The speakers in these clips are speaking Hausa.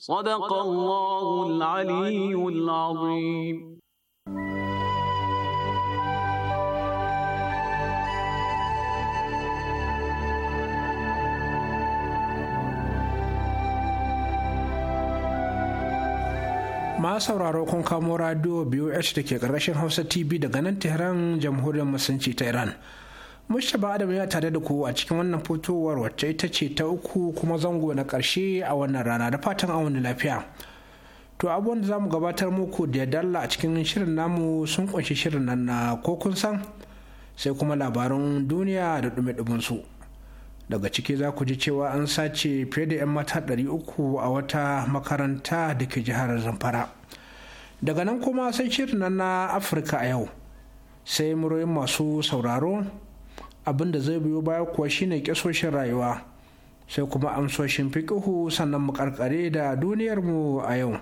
صدق الله العلي العظيم ma sauraro kun kamo radio 2h da ke ƙarƙashin Hausa TV daga nan Tehran jamhuriyar masanci ta Iran. ba Adamu ya tare da ku a cikin wannan fitowar wacce ita ce ta uku kuma zango na ƙarshe a wannan rana da fatan awon lafiya. To abubuwan da za mu gabatar muku da dalla a cikin shirin namu sun kunshi shirin nan na ko kun san sai kuma labarin duniya da dume su. Daga ciki za ku ji cewa an sace fiye da 'yan mata 300 a wata makaranta da ke jihar Zamfara. Daga nan kuma sai shirin nan na Afirka a yau. Sai muroyin masu sauraro abin da zai biyo baya kuwa shine kyasoshin rayuwa sai kuma amsoshin fiƙihu sannan mu karkare da duniyarmu a yau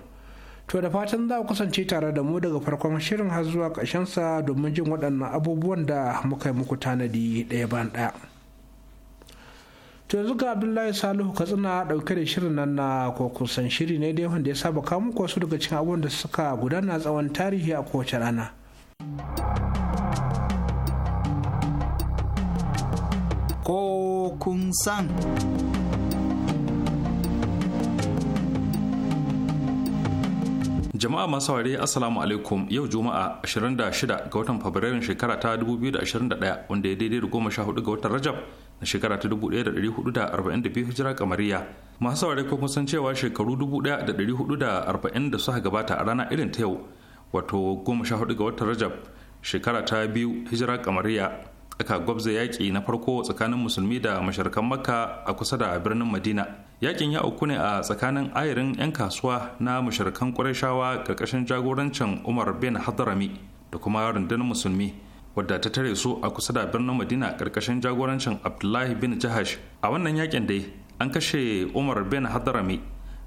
to da fatan za ku kasance tare da mu daga farkon shirin har zuwa sa domin jin waɗannan abubuwan da muka yi muku tanadi ɗaya bayan ɗaya to yanzu ga abdullahi salihu katsina ɗauke da shirin nan na ko kusan shiri ne dai wanda ya saba kawo muku wasu daga cikin abubuwan da suka gudana tsawon tarihi a kowace rana. ko kun san. Jama'a masu ware Assalamu alaikum yau Juma'a 26 ga watan Fabrairun shekara ta 2021 wanda ya daidai da goma sha ga watan Rajab na shekara ta 1442 hijira kamariya. Masu ware kuma san cewa shekaru 1440 da suka gabata a rana irin ta yau wato goma sha ga watan Rajab shekara ta biyu hijira kamariya. aka gwabza yaƙi na farko tsakanin musulmi da masharkan makka a kusa da birnin madina yakin ya uku ne a tsakanin ayarin 'yan kasuwa na masharkan ƙurashawa ƙarƙashin jagorancin umar bin hadarami da kuma rundunar musulmi wadda ta tare su a kusa da birnin madina ƙarƙashin jagorancin abdullahi bin jahash a wannan yakin dai an kashe umar bin hadarami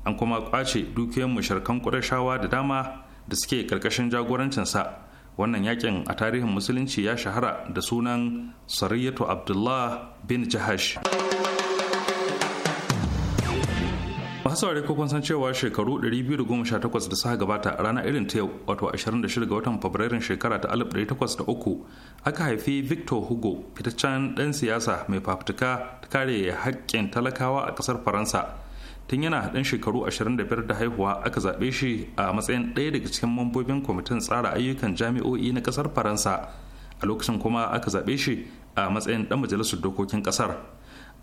an kuma ƙwace dukiyoyin masharkan ƙurashawa da dama da suke ƙarƙashin jagorancinsa wannan yakin a tarihin musulunci ya shahara da sunan sariyatu abdullah bin jahash masu saurari ko san cewa shekaru 218 da suka gabata a ranar irin ta yau wato 26 ga watan fabrairun shekara ta 1803 aka haifi victor hugo fitaccen ɗan siyasa mai fafutuka ta kare haƙƙin talakawa a ƙasar faransa tun yana ɗan shekaru 25 da haihuwa aka zaɓe shi a matsayin ɗaya daga cikin mambobin kwamitin tsara ayyukan jami'o'i na ƙasar faransa a lokacin kuma aka zaɓe shi a matsayin ɗan majalisar dokokin ƙasar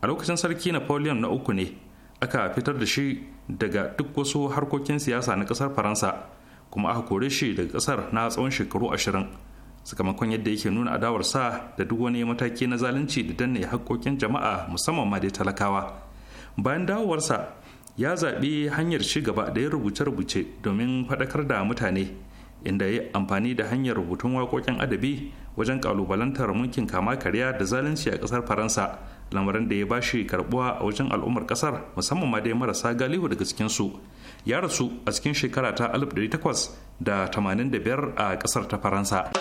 a lokacin sarki napoleon na uku ne aka fitar da shi daga duk wasu harkokin siyasa na ƙasar faransa kuma aka kore shi daga ƙasar na tsawon shekaru ashirin sakamakon yadda yake nuna adawarsa da duk wani mataki na zalunci da danne haƙƙoƙin jama'a musamman ma dai talakawa bayan dawowarsa ya zaɓi hanyar ci gaba da ya rubuce-rubuce domin faɗakar da mutane inda ya amfani da hanyar rubutun waƙoƙin adabi wajen ƙalubalantar mulkin kama karya da zalunci a ƙasar faransa lamarin da ya ba shi karɓuwa a wajen al'ummar ƙasar musamman ma dai marasa galihu daga cikinsu ya rasu a cikin shekara ta 1885 a ƙasar ta faransa.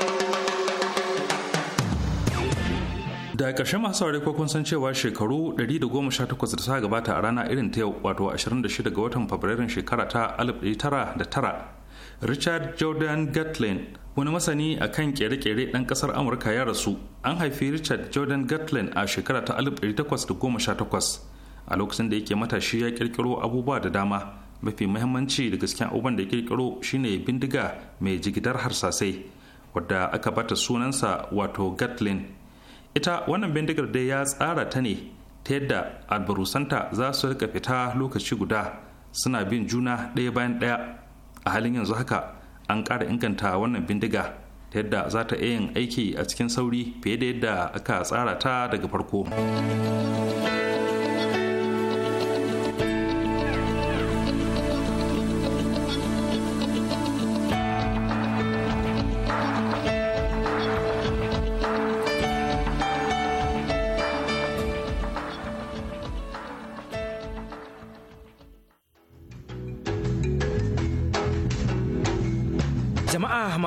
da ƙarshe masu saurari ko kun san cewa shekaru 118 da suka gabata a rana irin ta yau wato 26 ga watan fabrairun shekara ta 1909 richard jordan gatlin wani masani a kan kere-kere ɗan ƙasar amurka ya rasu an haifi richard jordan gatlin a shekara ta 1818 a lokacin da yake matashi ya ƙirƙiro abubuwa da dama mafi muhimmanci da gasken abubuwan da ya ƙirƙiro shine bindiga mai jigidar harsasai wadda aka bata sunansa wato gatlin ita wannan bindigar dai ya tsara ta ne ta yadda albarusanta za su rika fita lokaci guda suna bin juna ɗaya bayan ɗaya a halin yanzu haka an ƙara inganta wannan bindiga ta yadda za ta iya yin aiki a cikin sauri fiye da yadda aka tsara ta daga farko.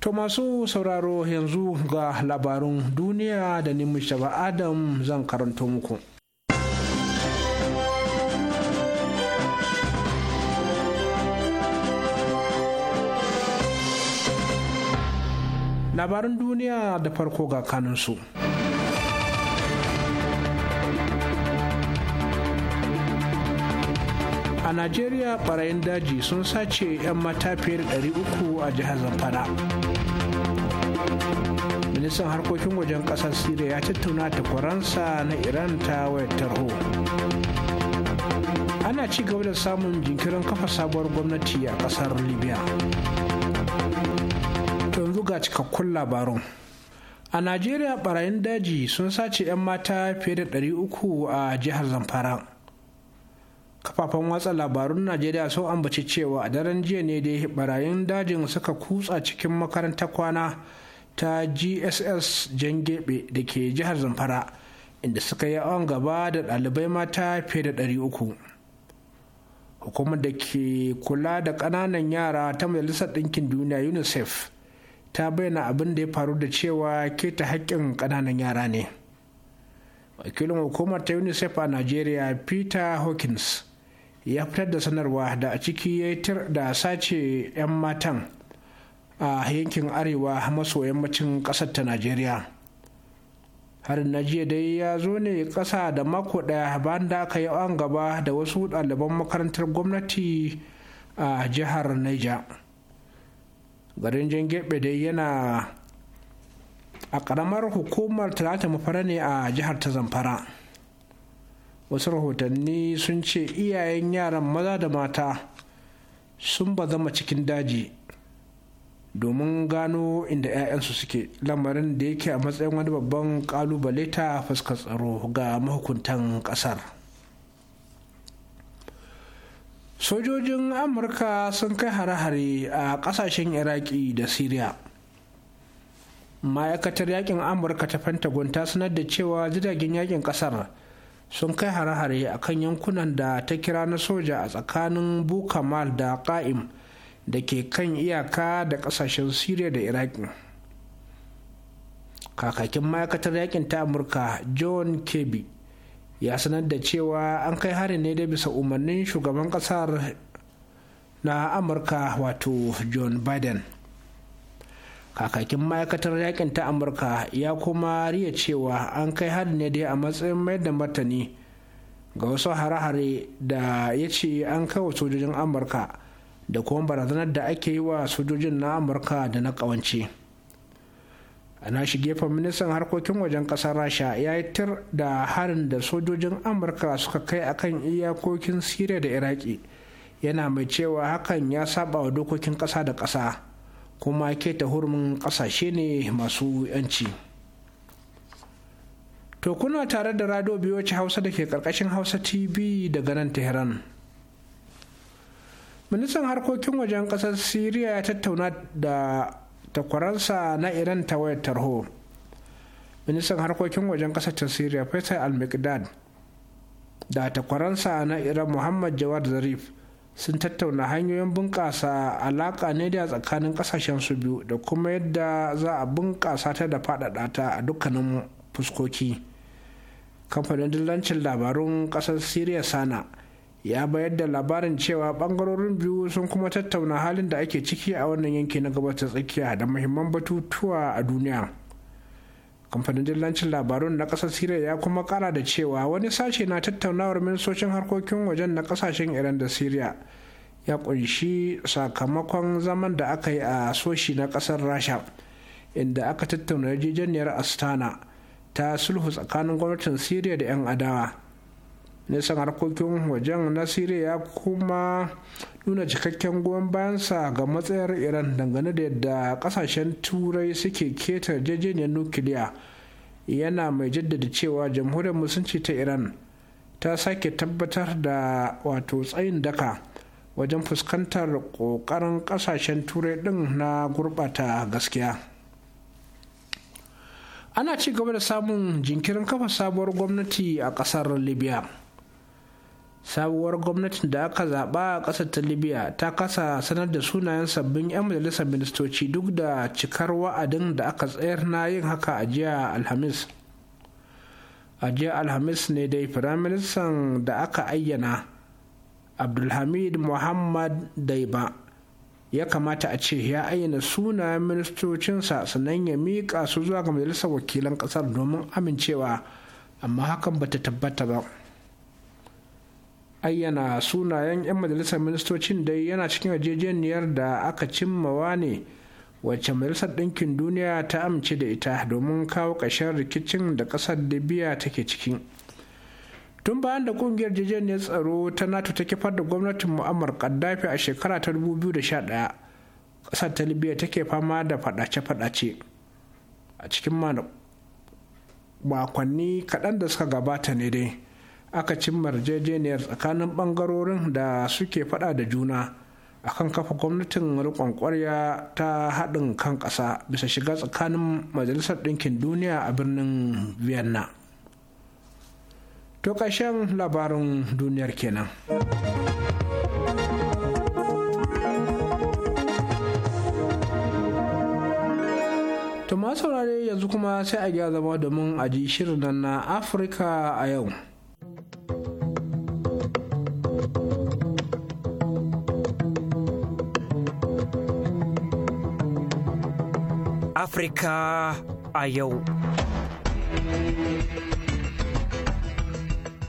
To masu sauraro yanzu ga labarun duniya da ni shaba Adam zan karanto muku. Labarin duniya da farko ga kanunsu. a najeriya barayin daji sun sace 'yan mata fiye da 300 a jihar zamfara ministan harkokin wajen kasar siriya ya tattauna ta faransa na iran ta wayar tarho ana ci gaba da samun jinkirin kafa sabuwar gwamnati a kasar libya yanzu ga cikakkun labarun a najeriya barayin daji sun sace 'yan mata fiye da 300 a jihar zamfara kafafen watsa labarun najeriya sun ambaci cewa a daren jiya ne da barayin dajin suka kutsa cikin makaranta kwana ta gss jangebe da ke jihar zamfara inda suka yi awon gaba da ɗalibai mata fiye da ɗari uku. hukumar da ke kula da ƙananan yara ta majalisar ɗinkin duniya unicef ta bayyana abin da ya faru da cewa keta haƙƙin ƙananan yara ne wakilin hukumar ta unicef a nigeria peter hawkins ya fitar da sanarwa da a ciki ya tir da sace 'yan matan a yankin arewa maso yammacin ƙasar ta najeriya harin na jiya dai ya zo ne ƙasa da mako ɗaya bayan da aka yi an gaba da wasu ɗaliban makarantar gwamnati a jihar niger garin jangebe dai yana a ƙaramar hukumar talata mafara ne a jihar ta zamfara wasu rahotanni sun ce iyayen yaran maza da mata sun ba zama cikin daji domin gano inda 'ya'yansu suke lamarin da yake a matsayin wani babban kalubale ta fuskar tsaro ga mahukuntan kasar sojojin amurka sun kai hare-hare a kasashen iraki da syria ma'aikatar yakin amurka ta pentagon ta sanar da cewa jiragen yakin kasar sun kai hare-hare a kan yankunan da ta kira na soja a tsakanin bukamal da ƙa'im da ke kan iyaka da ƙasashen syria da iraki kakakin ma'aikatar yakin ta amurka john kirby ya sanar da cewa an kai hari ne da bisa umarnin shugaban ƙasar na amurka wato john biden kakakin ma'aikatar yakin ta amurka ya kuma riya cewa an kai hadin ne dai a matsayin mai da martani ga wasu hare-hare da ya ce an kai wa sojojin amurka da kuma barazanar da ake yi wa sojojin na amurka da na kawance a shi gefen ministan harkokin wajen kasar rasha ya yi tir da harin da sojojin amurka suka kai akan iyakokin siriya da iraki yana mai cewa hakan ya saba wa dokokin kasa da kasa kuma keta hurumin ƙasashe ne masu 'yanci to kuna tare da rado biyoci hausa da ke ƙarƙashin hausa tv daga nan tehran ministan harkokin wajen ƙasar siriya ya tattauna da takwaransa na iran ta wayar tarho ministan harkokin wajen ƙasar ta siriya faisal al-mikdad da takwaransa na iran muhammad jawad zarif sun tattauna hanyoyin bunƙasa alaƙa ne da tsakanin ƙasashen su biyu da kuma yadda za a bunƙasa ta da faɗaɗa ta a dukkanin fuskoki kamfanin dillancin labarun ƙasar siriya sana ya bayar da labarin cewa ɓangarorin biyu sun kuma tattauna halin da ake ciki a wannan yanki na gabata tsakiya da muhimman batutuwa a duniya kamfanin dillancin labarun na kasar siriya ya kuma kara da cewa wani sashe na tattaunawar ministocin harkokin wajen na kasashen iran da siriya ya kunshi sakamakon zaman da aka yi a soshi na kasar rasha inda aka tattauna yarjejeniyar astana ta sulhu tsakanin gwamnatin siriya da 'yan adawa nisan harkokin wajen na siriya ya kuma nuna cikakken goyon bayansa ga matsayar iran dangane da yadda kasashen turai suke keta jejeniyar nukiliya yana mai jaddada cewa jamhuriyar musulunci ta iran ta sake tabbatar da wato tsayin daka wajen fuskantar kokarin kasashen turai din na gurbata gaskiya ana ci gaba da samun jinkirin kafa sabuwar gwamnati a kasar libya sabuwar gwamnatin da aka zaɓa a ƙasar ta libya ta kasa sanar da sunayen sabbin 'yan majalisar ministoci duk da cikar wa'adin da aka tsayar na yin haka a jiya alhamis a jiya alhamis ne dai firaministan da aka ayyana abdulhamid muhammad daiba ya kamata a ce ya ayyana sunayen ministocinsa sannan ya miƙa su zuwa ga majalisar wakilan ƙasar domin amincewa amma hakan bata tabbata ba. ayyana sunayen 'yan majalisar ministocin dai yana cikin yarjejeniyar da aka cimmawa ne wacce majalisar ɗinkin duniya ta amince da ita domin kawo ƙarshen rikicin da ƙasar libya take ciki tun bayan da ƙungiyar jejeniyar tsaro ta nato ta kifar da gwamnatin mu'ammar kaddafi a shekara ta 2011 ƙasar ta libya take fama da faɗace-faɗace a cikin makonni kaɗan da suka gabata ne dai aka cimma yarjejeniyar tsakanin bangarorin da suke fada da juna a kan kafa gwamnatin rikon kwarya ta haɗin kan ƙasa bisa shiga tsakanin majalisar ɗinkin duniya a birnin vienna to ƙarshen labarin duniyar kenan to masu saurare yanzu kuma sai a gyara zama domin ji shirin na afirka a yau Afrika a yau.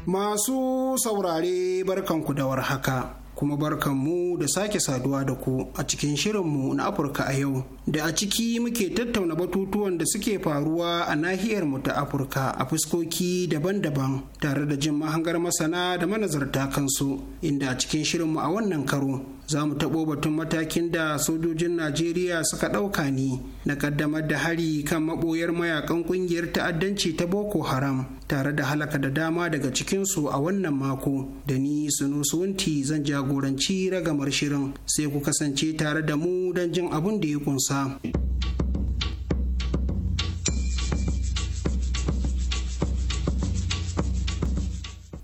Masu saurare barkanku da haka, kuma barkanmu da sake saduwa da ku a cikin shirinmu na Afirka a yau da a ciki muke tattauna batutuwan da suke faruwa a nahiyar mu ta Afirka a fuskoki daban-daban tare da jin mahangar masana da manazarta kansu inda a cikin shirinmu a wannan karo za mu taɓo batun matakin da sojojin najeriya suka ɗauka ne na ƙaddamar da hari kan maɓoyar mayakan ƙungiyar ta'addanci ta boko haram tare da halaka da dama daga cikinsu a wannan mako da ni suno suwanti zan jagoranci ragamar shirin sai ku kasance tare da mu don jin abin da ya kunsa.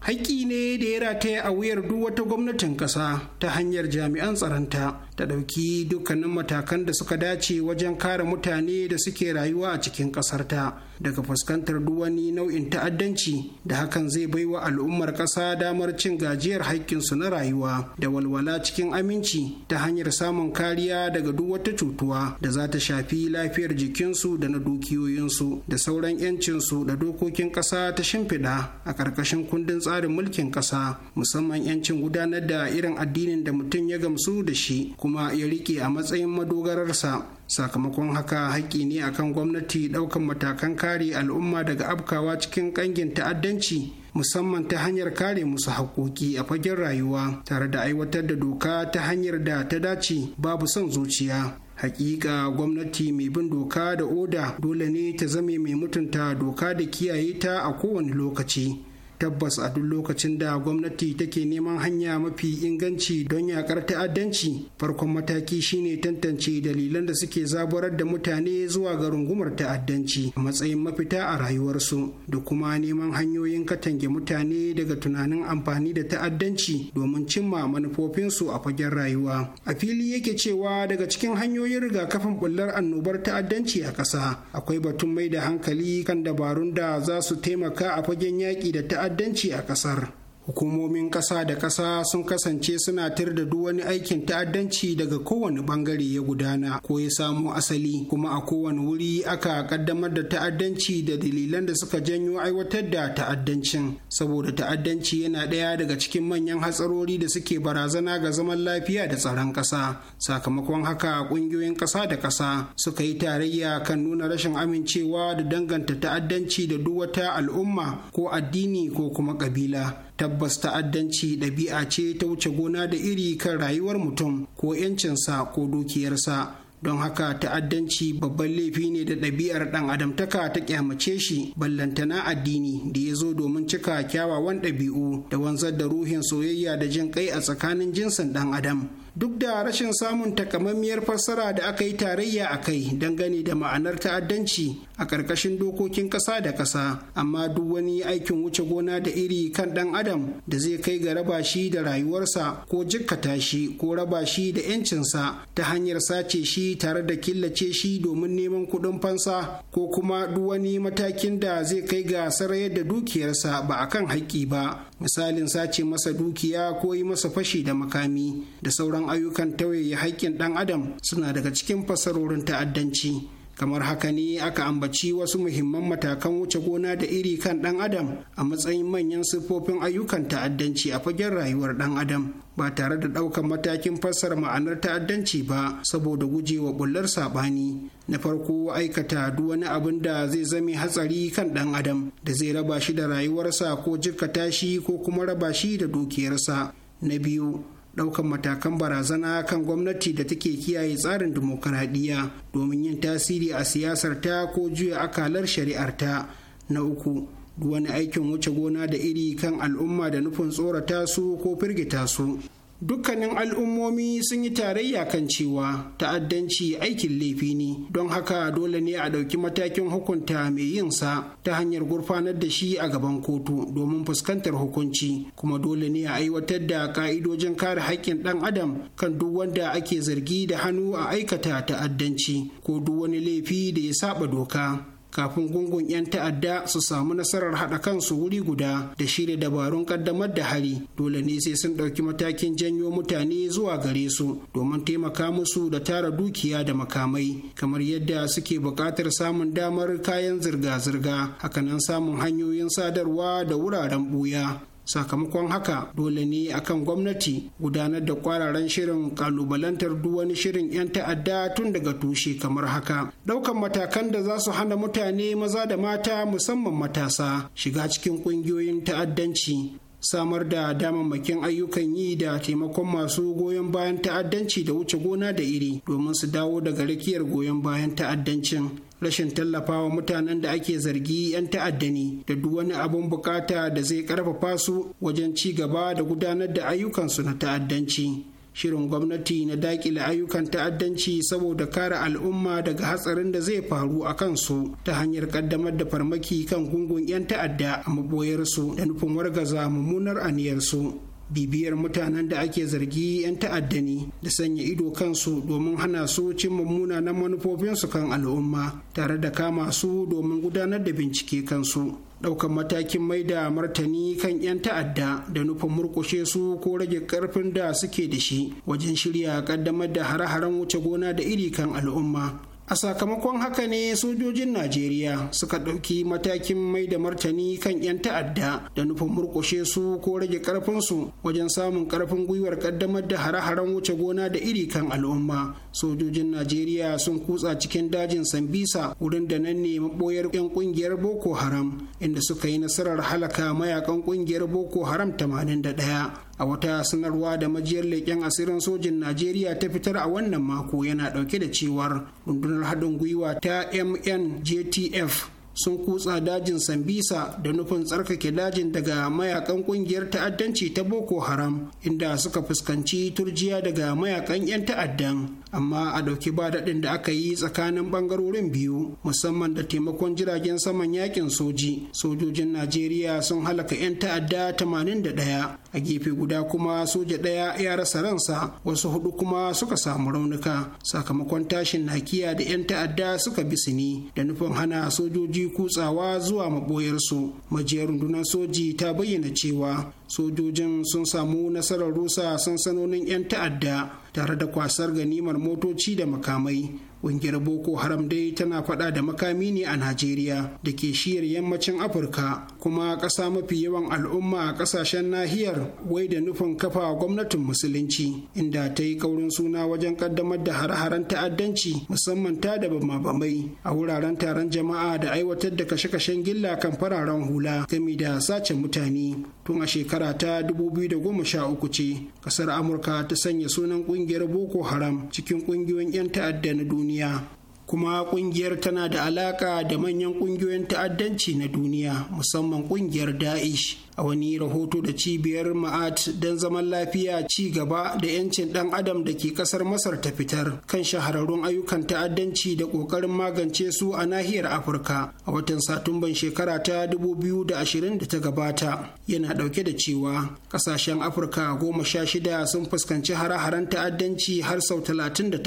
haƙƙi ne da ya rataya a wuyar duk wata gwamnatin ƙasa ta hanyar jami'an tsaronta ta ɗauki dukkanin matakan da suka dace wajen kare mutane da suke rayuwa a cikin ƙasarta daga fuskantar duk wani nau'in ta'addanci da hakan zai baiwa al'ummar ƙasa damar cin gajiyar haƙƙinsu na rayuwa da walwala cikin aminci ta hanyar samun kariya daga duk wata cutuwa da za ta shafi lafiyar jikinsu da na dukiyoyinsu da sauran 'yancinsu da dokokin ƙasa ta shimfiɗa a ƙarƙashin kundin tsarin mulki mulkin ƙasa musamman 'yancin gudanar da irin addinin da mutum ya gamsu da shi kuma ya rike a matsayin madogararsa sakamakon haka haƙƙi ne akan gwamnati ɗaukan matakan kare al'umma daga abkawa cikin ƙangin ta'addanci musamman ta hanyar kare musu haƙoƙi a fagen rayuwa tare da aiwatar da doka ta hanyar da ta dace babu son zuciya hakika gwamnati mai bin doka da oda dole ne ta zame mai mutunta doka da kiyaye ta a kowane lokaci tabbas a duk lokacin da gwamnati take neman hanya mafi inganci don yakar ta'addanci farkon mataki shine tantance dalilan da suke zaburar da mutane zuwa ga rungumar ta'addanci a matsayin mafita a rayuwarsu da kuma neman hanyoyin katange mutane daga tunanin amfani da ta'addanci domin cimma manufofinsu a fagen rayuwa a fili yake cewa daga cikin hanyoyin rigakafin bullar annobar ta'addanci a ƙasa akwai batun mai da hankali kan dabarun da za su taimaka a fagen yaƙi da ta'addanci ta'addanci a ƙasar hukumomin ƙasa da ƙasa sun kasance suna tir da duk wani aikin ta'addanci daga kowane ɓangare ya gudana ko ya samo asali kuma a kowane wuri aka ƙaddamar da ta'addanci da dalilan da suka janyo aiwatar da ta'addancin saboda ta'addanci yana ɗaya daga cikin manyan hatsarori da suke barazana ga zaman lafiya da tsaron ƙasa sakamakon haka ƙungiyoyin ƙasa da ƙasa suka yi tarayya kan nuna rashin amincewa da danganta ta'addanci da duk wata al'umma ko addini ko kuma ƙabila tabbas ta'addanci ɗabi'a ce ta wuce gona da iri kan rayuwar mutum ko 'yancinsa ko dukiyarsa don haka ta'addanci babban laifi ne da ɗabi'ar ɗan adamtaka ta kyamace shi ballantana addini da ya zo domin cika kyawawan ɗabi'u da wanzar da ruhin soyayya da jin kai a tsakanin jinsin ɗan adam duk da rashin samun takamammiyar fassara da aka yi tarayya a kai dangane da ma'anar ta'addanci a ƙarƙashin dokokin ƙasa da ƙasa amma duk wani aikin wuce gona da iri kan ɗan adam da zai kai ga raba shi da rayuwarsa ko jikkata shi ko raba shi da 'yancinsa ta hanyar sace shi tare da killace shi domin neman kuɗin fansa ko kuma duk wani matakin da zai kai ga sarayar da dukiyarsa ba a kan haƙƙi ba misalin sace masa dukiya ko yi masa fashi da makami da sauran ayyukan tauye haƙƙin ɗan adam suna daga cikin fasarorin ta'addanci kamar haka ne aka ambaci wasu muhimman matakan wuce gona da iri kan ɗan adam a matsayin manyan siffofin ayyukan ta'addanci a fagen rayuwar ɗan adam ba tare da ɗaukar matakin fassar ma'anar ta'addanci ba saboda gujewa bullar saɓani na farko aikata duk wani abin da zai zame hatsari kan ɗan adam da zai raba shi da rayuwarsa ko jikkata shi ko kuma raba shi da dukiyarsa na biyu daukan matakan barazana kan gwamnati da take kiyaye tsarin dimokuraɗiyya domin yin tasiri a siyasar ta ko juya akalar shari'ar ta na uku wani aikin wuce gona da iri kan al'umma da nufin tsorata su ko firgita su dukkanin al'ummomi sun yi tarayya kan cewa ta'addanci aikin laifi ne don haka dole ne a ɗauki matakin hukunta mai yin sa ta hanyar gurfanar da shi a gaban kotu domin fuskantar hukunci kuma dole ne a aiwatar da ka'idojin kare haƙƙin ɗan adam kan duk wanda ake zargi da hannu a aikata ta'addanci ko duk wani laifi da ya saba doka kafin gungun 'yan ta'adda su samu nasarar haɗa kansu wuri guda da shirya dabarun ƙaddamar da hari dole ne sai sun ɗauki matakin janyo mutane zuwa gare su domin taimaka musu da tara dukiya da makamai kamar yadda suke buƙatar samun damar kayan zirga-zirga hakanan samun hanyoyin sadarwa da wuraren ɓuya sakamakon haka dole ne akan gwamnati gudanar da kwararan shirin kalubalantar duk wani shirin 'yan ta'adda tun daga tushe kamar haka daukan matakan da za su hana mutane maza da mata musamman matasa shiga cikin kungiyoyin ta'addanci samar da damammakin ayyukan yi da taimakon masu goyon bayan ta'addanci da wuce gona da iri domin su dawo daga rakiyar goyon bayan ta'addancin rashin tallafawa mutanen da ake zargi 'yan ta'adda ne da duk wani abun bukata da zai karfafa su wajen ci gaba da gudanar da ayyukansu na ta'addanci shirin gwamnati na dakile ayyukan ta'addanci saboda kare al'umma daga hatsarin da zai faru a kansu ta hanyar kaddamar da farmaki kan gungun 'yan ta'adda a maboyarsu da nufin wargaza mummunar aniyarsu bibiyar mutanen da ake zargi 'yan ta'adda ne da sanya ido kansu domin hana su cimma na manufofinsu kan al'umma tare da kama su domin gudanar da bincike kansu ɗaukan matakin mai da martani kan 'yan ta'adda da nufin murkushe su ko rage ƙarfin da suke da shi wajen shirya ƙaddamar da hare-haren wuce gona da iri kan al'umma a sakamakon haka ne sojojin najeriya suka ɗauki matakin mai da martani kan 'yan ta'adda da nufin murƙushe su ko rage ƙarfinsu wajen samun ƙarfin gwiwar ƙaddamar da hare-haren wuce gona da iri kan al'umma sojojin najeriya sun kutsa cikin dajin sambisa wurin da nan ne maɓoyar 'yan ƙungiyar boko haram inda suka yi nasarar halaka mayakan ƙungiyar boko haram 81 a wata sanarwa da majiyar leƙen asirin sojin najeriya ta fitar a wannan mako yana ɗauke da cewar rundunar haɗin gwiwa ta mnjtf sun kutsa dajin sambisa da nufin tsarkake dajin daga mayakan kungiyar ta'addanci ta boko haram inda suka fuskanci turjiya daga mayakan 'yan ta'addan amma a dauki ba daɗin da aka yi tsakanin bangarorin biyu musamman da taimakon jiragen saman yakin soji sojojin najeriya sun halaka 'yan ta'adda 81 a gefe guda kuma soja ɗaya ya rasa ransa wasu hudu kuma suka samu raunuka sakamakon tashin nakiya da 'yan ta'adda suka bisini da nufin hana sojoji kutsawa zuwa maɓoyarsu majiyar rundunar soji ta bayyana cewa sojojin sun samu nasarar rusa sansanonin 'yan ta'adda tare da kwasar ganimar motoci da makamai ƙungiyar boko haram dai tana faɗa da makami ne a najeriya da ke shiyar yammacin afirka kuma ƙasa mafi yawan al'umma a ƙasashen nahiyar wai da nufin kafa gwamnatin musulunci inda ta yi kaurin suna wajen ƙaddamar da hare-haren ta'addanci musamman ta da bamabamai a wuraren taron jama'a da aiwatar da kashe-kashen gilla kan fararen hula gami da sace mutane tun a shekara ta 2013 ce kasar amurka ta sanya sunan kungiyar boko haram cikin kungiyoyin 'yan ta'adda na duniya kuma kungiyar tana da alaka da manyan kungiyoyin ta'addanci na duniya musamman kungiyar da'ish a wani rahoto da cibiyar ma'at don zaman lafiya ci gaba da 'yancin ɗan adam da ke ƙasar masar ta fitar kan shahararrun ayyukan ta'addanci da ƙoƙarin magance su a nahiyar afirka a watan satumban shekara ta 2020 da ta gabata yana ɗauke da cewa ƙasashen afirka goma sha shida sun fuskanci hare-haren ta'addanci har sau 38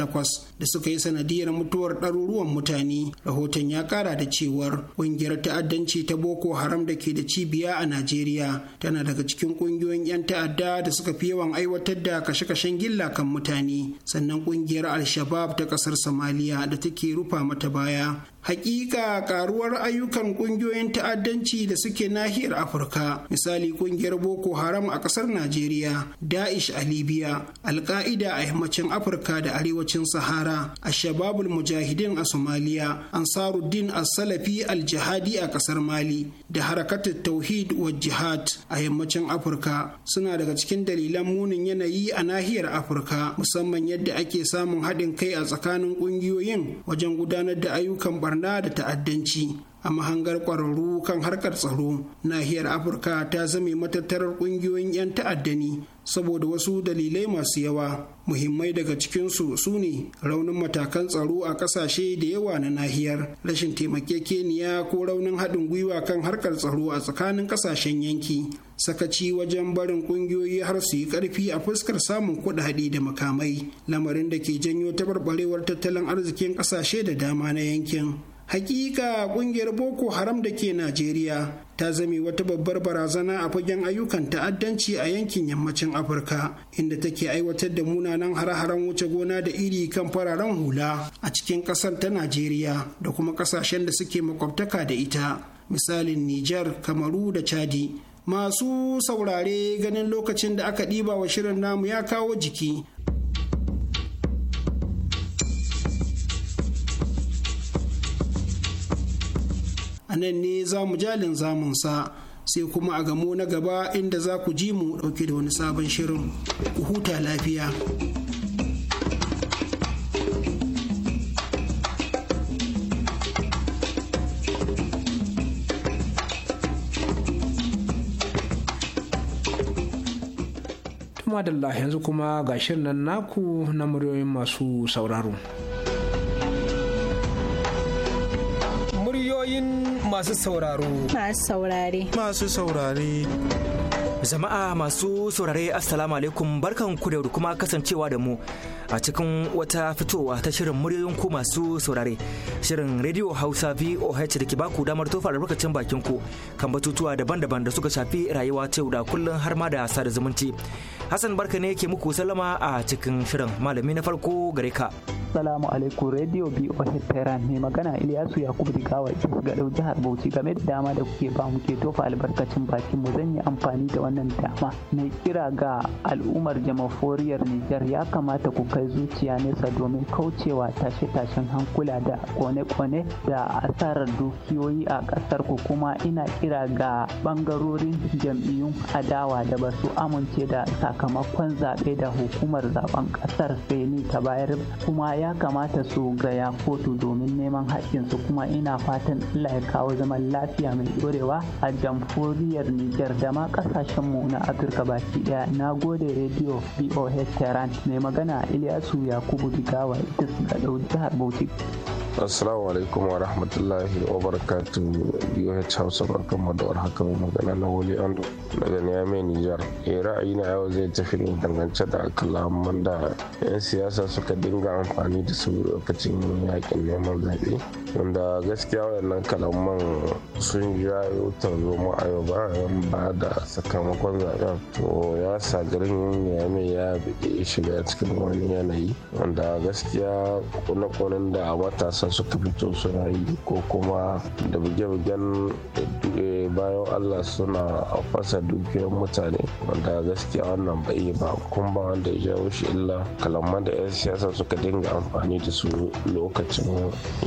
da suka yi sanadiyar mutuwar ɗaruruwan mutane rahoton ya ƙara da cewar ƙungiyar ta'addanci ta boko haram da ke da cibiya a najeriya siriya tana daga cikin ƙungiyoyin 'yan ta'adda da suka fi yawan aiwatar da kashe-kashen gilla kan mutane sannan ƙungiyar al-shabab ta ƙasar somaliya da take rufa mata baya hakika karuwar ayyukan kungiyoyin ta'addanci da suke nahiyar afirka misali kungiyar boko haram a kasar najeriya da'ish a libya alka'ida a yammacin afirka da arewacin sahara ashababul mujahidin a somaliya ansaruddin as-salafi al-jihadi a kasar mali da harakatar tauhid wa jihad a yammacin afirka suna daga cikin dalilan munin yanayi a nahiyar afirka musamman yadda ake samun haɗin kai a tsakanin kungiyoyin wajen gudanar da ayyukan barna da ta'addanci a mahangar kwararru kan harkar tsaro nahiyar afirka ta zame matattarar ƙungiyoyin 'yan ta'addani, saboda wasu dalilai masu yawa muhimmai daga cikinsu su ne raunin matakan tsaro a ƙasashe da yawa na nahiyar rashin taimakekeniya ko raunin haɗin gwiwa kan harkar tsaro a tsakanin ƙasashen yanki sakaci wajen barin ƙungiyoyi har su yi ƙarfi a fuskar samun kuɗaɗe da makamai lamarin da ke janyo tabarbarewar tattalin arzikin ƙasashe da dama na yankin hakika kungiyar boko haram da ke najeriya ta zame wata babbar barazana a fagen ayyukan ta'addanci a yankin yammacin afirka inda take aiwatar da munanan har-haren wuce gona da iri kan fararen hula a cikin kasar ta najeriya da kuma kasashen da suke makwabtaka da ita misalin nijar kamaru da chadi masu saurare ganin lokacin da aka ɗiba wa shirin namu ya kawo jiki a nan ne za mu jalin zamunsa sai kuma a gamo na gaba inda za ku ji mu ɗauke da wani sabon shirin ku huta lafiya. madalla yanzu kuma ga shirin nan naku na muryoyin masu sauraro. Muryoyin masu sauraro. Masu saurare. Masu saurare. Jama'a masu saurare Assalamu alaikum barkan ku da kuma kasancewa da mu a cikin wata fitowa ta shirin muryoyin ku masu saurare shirin Radio Hausa VOH da ke baku damar tofa albarkacin bakin ku kan batutuwa daban-daban da suka shafi rayuwa ta yau da kullun har ma da sada zumunci. Hassan barka ne ke muku salama a cikin shirin malami na farko gare ka. Salamu alaikum Radio BOH Tehran mai magana Ilyasu Yakubu Digawa Kis ga jihar Bauchi game da dama da kuke ba mu ke tofa albarkacin bakin mu zan yi amfani da wannan dama na kira ga al'ummar jamaforiyar Nijar ya kamata ku kai zuciya nesa domin kaucewa tashe-tashen hankula da kone-kone da asarar dukiyoyi a ƙasar ku kuma ina kira ga bangarorin jam'iyyun adawa da ba su amince da sakamakon zaɓe da hukumar zaben ƙasar Benin ta bayar kuma ya kamata su gaya kotu domin neman haƙƙinsu kuma ina fatan Allah ya kawo kawo zaman lafiya mai ɗorewa a jamhuriyar Nijar da ma ƙasashen mu na Afirka baki ɗaya. Na gode Radio BOH Tehran mai magana Ilyasu Yakubu Bigawa ita suka ga jihar Bauchi. assalamu alaikum wa rahmatullahi wa barakatu UH Hausa sabar mu da haka mai magana na Wali Ando daga Niamey Nijar. Eh ra'ayi na yau zai tafi ne dangance da kalaman da 'yan siyasa suka dinga amfani da su lokacin yakin neman zaɓe. Wanda gaskiya waɗannan kalaman sun jayo tarzoma a yau bayan ba da sakamakon zaɓen. To ya sa garin Niamey ya shiga cikin wani yanayi wanda gaskiya kone-konen da matasa kasar suka fito suna yi ko kuma da buge-bugen eh, bayan allah suna fasa dukiyar mutane wanda gaskiya wannan bai ba kun ba wanda ya jawo shi illa kalamman da 'yan siyasa suka dinga amfani da su lokacin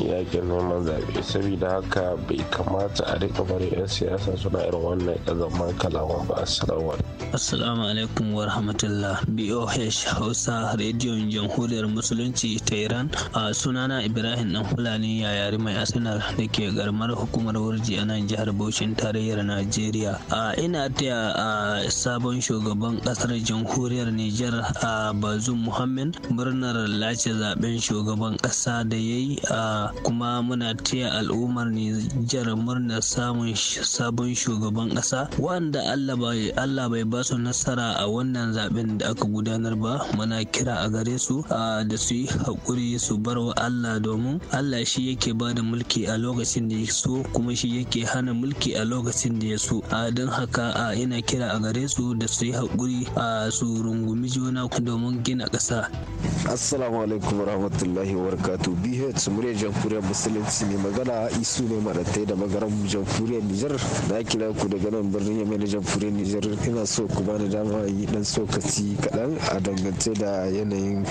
yakin neman zaɓe saboda haka bai kamata a rika bari 'yan siyasa suna irin wannan zama kalaman ba assalamu assalamu alaikum wa rahmatullah boh hausa rediyon jamhuriyar musulunci ta iran ah, sunana ibrahim dan Fulani yari mai asanar da ke garmar hukumar wurji a nan jihar Bauchin tarayyar Najeriya. A ina taya a sabon shugaban ƙasar jamhuriyar Nijar a Bazum Muhammad murnar lace zaben shugaban ƙasa da ya yi kuma muna taya al'ummar Nijar murnar samun sabon shugaban ƙasa. wanda Allah bai ba su nasara a wannan zaben da aka gudanar ba muna kira a gare su da su yi haƙuri su bar wa Allah domin Allah shi yake ba da mulki a lokacin da ya so kuma shi yake hana mulki a lokacin da ya so a don haka a ina kira a gare su da su yi haƙuri a su rungumi juna domin gina ƙasa. Assalamu alaikum wa wabarakatuh BH muryar jamhuriyar musulunci ne magana isu ne madatai da magaran jamhuriyar Nijar na kira ku daga nan birnin Yamai na jamhuriyar Nijar ina so ku bani dama yi dan sokaci kaɗan a dangance da yanayin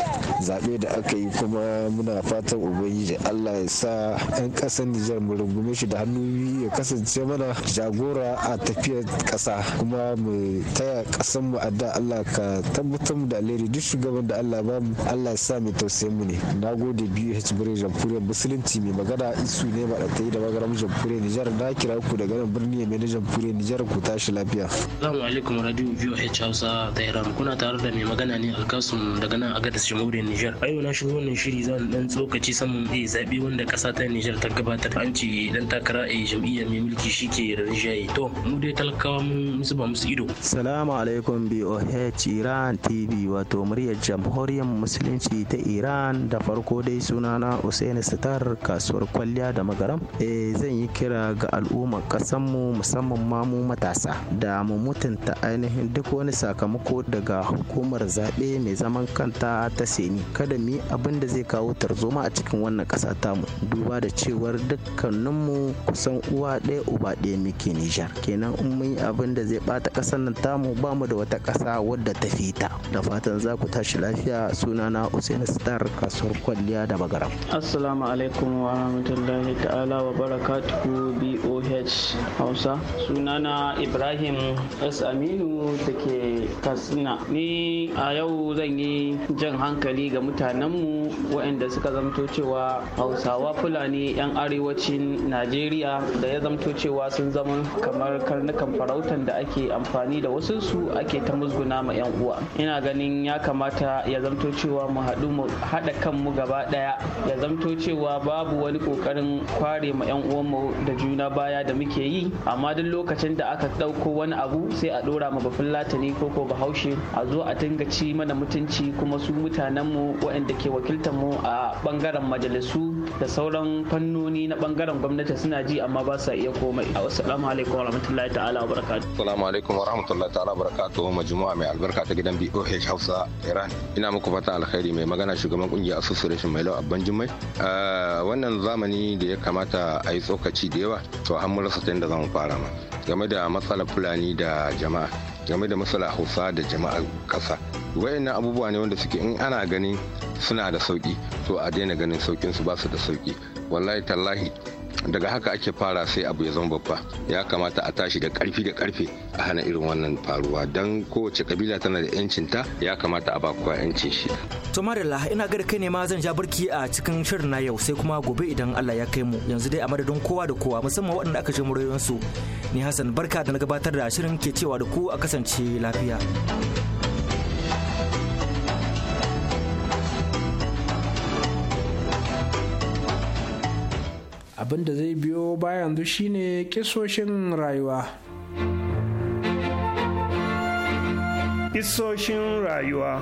zaɓe da aka yi kuma muna fatan ubangiji Allah ya sa 'yan ƙasar Nijar mu rungume shi da hannu ya kasance mana jagora a tafiyar ƙasa kuma mu taya ƙasar mu adda Allah ka tabbatar mu da alheri duk shugaban da Allah ba mu Allah ya sa mai tausayin mu ne nagode biyu H Bure Jamhuriyar Musulunci mai magana isu ne ba da ta yi da mu Jamhuriyar Nijar na kira ku daga nan birni mai na Jamhuriyar Nijar ku tashi lafiya Assalamu alaikum radio biyu H Hausa iran kuna tare da mai magana ne Alkasum daga nan Agadez Jamhuriyar Nijar a yau na shigo wannan shiri zan dan tsokaci saman zai zaɓe wanda ƙasa ta Nijar ta gabatar an ce dan takara a jam'iyyar mai mulki shi ke rinjaye to mu dai talakawa mun zuba musu ido. Salamu alaikum BOH Iran TV wato muryar jamhuriyar musulunci ta Iran da farko dai sunana hussein Sitar kasuwar kwalliya da magaram. Eh zan yi kira ga al'ummar mu musamman ma mu matasa da mu mutunta ainihin duk wani sakamako daga hukumar zaɓe mai zaman kanta ta seni kada mi abinda abin da zai kawo tarzoma a cikin wannan ƙasa ƙasa tamu duba da cewar dukkaninmu kusan uwa ɗaya uba ɗaya muke nijar kenan in mun yi abin da zai ɓata ƙasar nan tamu ba mu da wata ƙasa wadda ta fita da fatan za ku tashi lafiya sunana usaini star kasuwar kwalliya da bagaram assalamu alaikum wa rahmatullahi ta'ala wa barakatuhu boh hausa sunana ibrahim s aminu da ke katsina ni a yau zan yi jan hankali ga mutanenmu waɗanda suka zamto cewa hausawa fulani 'yan arewacin najeriya da ya zamto cewa sun zama kamar karnukan farautan da ake amfani da wasu su ake ta musguna ma 'yan uwa ina ganin ya kamata ya zamto cewa mu haɗu mu haɗa kanmu gaba ɗaya ya zamto cewa babu wani ƙoƙarin kware ma 'yan uwanmu da juna baya da muke yi amma duk lokacin da aka ɗauko wani abu sai a ɗora ma bafin latani ko ko bahaushe a zo a dinga ci mana mutunci kuma su mutanenmu waɗanda ke wakiltar mu a ɓangaren majalisu da sauran fannoni na bangaren gwamnati suna ji amma ba sa iya komai assalamu alaikum rahmatullahi ta'ala barakatu salamu alaikum rahmatullahi ta'ala wa majmu'a mai albarka ta gidan BOH Hausa Iran ina muku fata alkhairi mai magana shugaban kungiyar association mai lau abban jummai ah, wannan zamani da ya kamata a yi tsokaci da yawa to an ta yadda za zamu fara ma game da matsalar fulani da jama'a game da masala hausa da jama'ar ƙasa wayannan abubuwa ne wanda suke in ana ganin suna da sauki to a daina ganin saukin su ba su da sauki wallahi tallahi daga haka ake fara sai abu ya zama babba ya kamata a tashi da karfi da karfe a hana irin wannan faruwa don kowace kabila tana da yancin ta ya kamata a ba kowa yancin shi to marilla ina ga kai ne ma zan ja barki a cikin shirin na yau sai kuma gobe idan Allah ya kai mu yanzu dai a madadin kowa da kowa musamman waɗanda aka ji murayoyin su ni Hassan barka da na gabatar da shirin ke cewa da ku a kasance lafiya abin da zai biyo bayan zu shine kisoshin rayuwa kisoshin rayuwa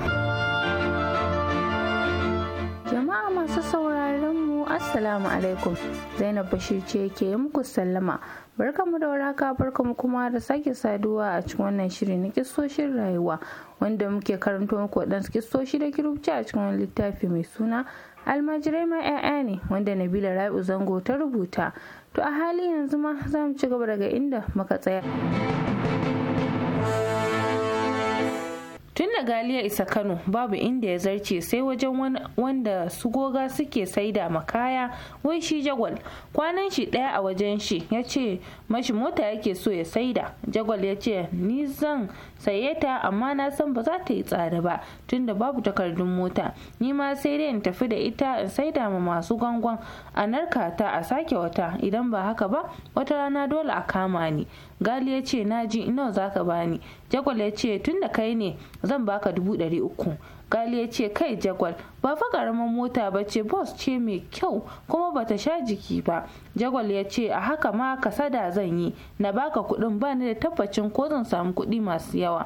jama'a masu sauraron mu assalamu alaikum zainab bashir ce ke muku sallama barkamu da waraka mu kuma da sake saduwa a cikin wannan shiri na kisoshin rayuwa wanda muke karanto muku waɗansu kisoshi da kirubci a cikin wani littafi mai suna almajirai ma 'ya'ya ne wanda nabila rabu zango ta rubuta to a hali yanzu ma za mu ci gaba daga inda muka tsaya tun da galiya isa kano babu inda ya zarce sai wajen wanda su goga suke saida makaya wai shi jagwal kwanan shi ɗaya a wajen shi ya ce mashi mota yake so ya saida jagwal ya ce ni zan saye ta amma na san ba za ta yi tsada ba tun da babu takardun mota ni ma sai dai in tafi da ita in saida ma masu gangon a narka ta a sake wata idan ba haka ba wata rana dole a kama ni gali ya ce na ji nawa zaka bani jagwal ya ce tun da kai ne zan baka dubu ɗari uku gali ya ce kai jagwal ba fa karamin mota ba ce bus ce mai kyau kuma ba ta sha jiki ba jagwal ya ce a haka ma kasada zan yi na baka kuɗin ba ni da tabbacin ko zan samu kuɗi masu yawa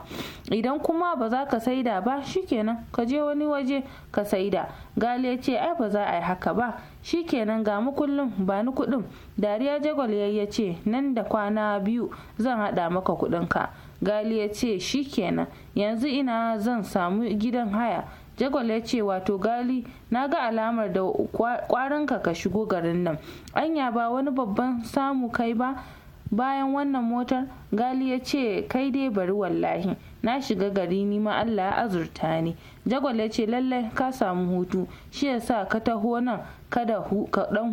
idan kuma ba za ka saida ba shi shikenan ka je wani waje ka saida gali ya ce ai ba za a yi haka ba shi shikenan ga mu kullum ba ni kuɗin dariya jagwal ya ce nan da kwana biyu zan haɗa maka ka gali ya ce kenan yanzu ina zan samu gidan haya jagwal ya ce wato gali na ga alamar da kwarinka ka shigo garin nan anya ba wani babban samu kai ba bayan wannan motar gali ya ce kai dai bari wallahi na shiga gari ni ma allah ya azurta ni jagwal ya ce lallai ka samu hutu shi yasa ka taho nan ka dan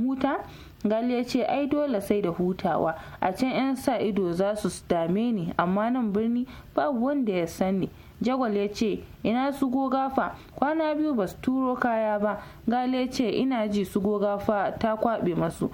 huta gali ya ce ai dole sai da hutawa a can 'yan sa ido za su dame ni amma nan birni babu wanda ya sani jagwal ya ce ina su gogafa kwana biyu ba su turo kaya ba gali ya ce ina ji su gogafa ta kwaɓe masu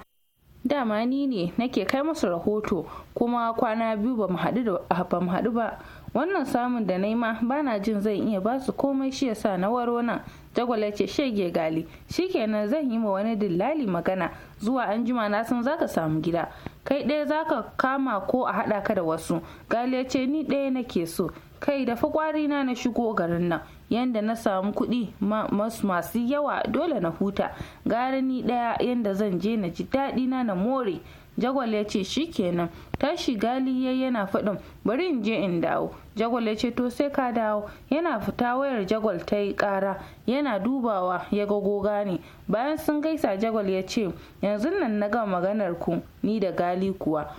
dama ni ne nake kai masu rahoto kuma kwana biyu ba mu haɗu ba wannan samun da na ma bana jin zan iya ba su komai shi yasa na waro nan jagwal ce shege gali shi kenan zan yi ma wani dillali magana zuwa anjima na san zaka samu gida kai ɗaya zaka kama ko a haɗa ka da wasu gali ya ce ni ɗaya nake so kai da fa na na shigo garin nan yanda na samu kuɗi masu yawa dole na huta gara ni ɗaya yanda zan je na ji daɗi na na more jagwal ya ce kenan tashi gali yana faɗin bari in je in dawo jagwal ya ce to sai ka dawo yana fita wayar jagwal ta yi kara yana dubawa ya ga goga ne bayan sun gaisa jagwal ya ce yanzu nan na gama maganar ku ni da gali kuwa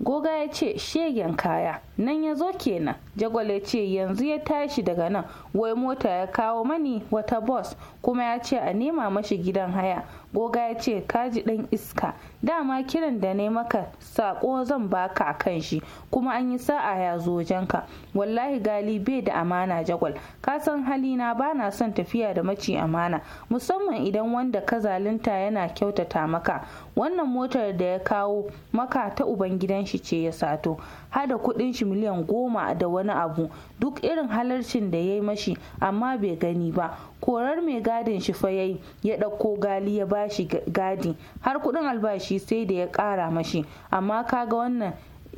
goga ya ce shegen kaya nan ya zo kenan jagwal ya ce yanzu ya tashi daga nan wai mota ya kawo mani wata bus kuma ya ce a nema mashi gidan haya goga ya ce kaji dan iska dama kiran da ne maka sako zan baka a kan shi kuma an yi sa'a ya zo janka wallahi gali bai da amana jagwal ka san halina ba na son tafiya da maci amana musamman idan wanda ka zalunta yana kyautata maka wannan motar da ya kawo maka ta ubangidan shi ce ya sato hada kudin shi miliyan goma da wani abu duk irin halarcin da ya yi mashi amma bai gani ba korar mai gadin shi fa yayi ya ɗauko gali ya bashi gadi har kuɗin albashi sai da ya ƙara mashi amma kaga wannan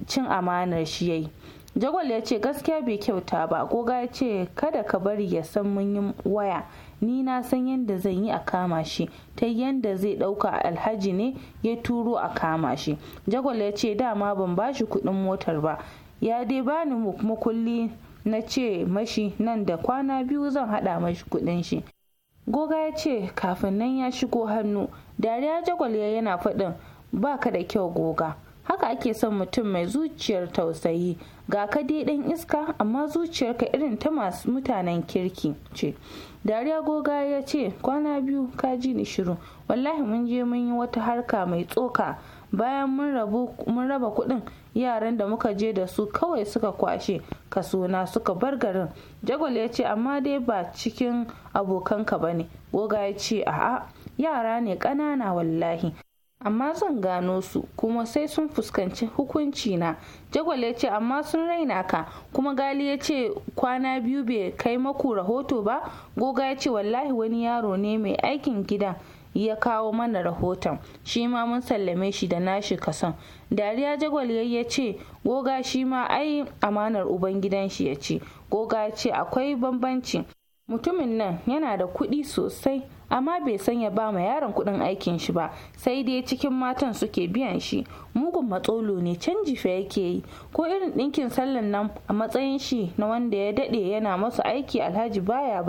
cin amanar shi yayi jagwal ya ce gaskiya bai kyauta ba ko ga ya ce kada ka bari ya san mun yi waya ni na san yadda zan yi a kama shi ta yadda zai ɗauka alhaji ne ya turo a kama shi jagwal ya ce dama ban bashi kuɗin motar ba ya dai bani makulli na ce mashi nan da kwana biyu zan haɗa mashi kuɗin shi goga ya ce kafin nan ya shigo hannu dariya jagwalya yana faɗin ba ka da kyau goga haka ake son mutum mai zuciyar tausayi ga ka dai ɗan iska amma zuciyarka irin ta masu mutanen kirki ce dariya goga ya ce kwana biyu ka ji ni shiru wallahi mun je mun yi wata harka mai tsoka bayan mun raba kuɗin yaran da muka je da su kawai suka kwashe kasuna suka bar garin jagwal ya ce amma dai ba cikin abokanka ba ne goga ya ce a'a yara ne ƙanana wallahi amma zan gano su kuma sai sun fuskanci hukunci na jagwal ya ce amma sun raina ka kuma gali ya ce kwana biyu bai kai maku rahoto ba goga ya ce wallahi wani yaro ne mai aikin gidan ya kawo mana rahoton shi ma mun sallame shi da nashi kason dariya jagwal ya ce goga shi ma ai amanar ubangidan shi ya ce goga ce akwai bambanci mutumin nan yana da kuɗi sosai amma bai sanya ba ma yaron kuɗin aikin shi ba sai dai cikin matan suke biyan shi mugun matsolo ne canji fa yake yi ko irin ɗinkin sallan nan a matsayin shi na wanda ya daɗe yana masu aiki alhaji baya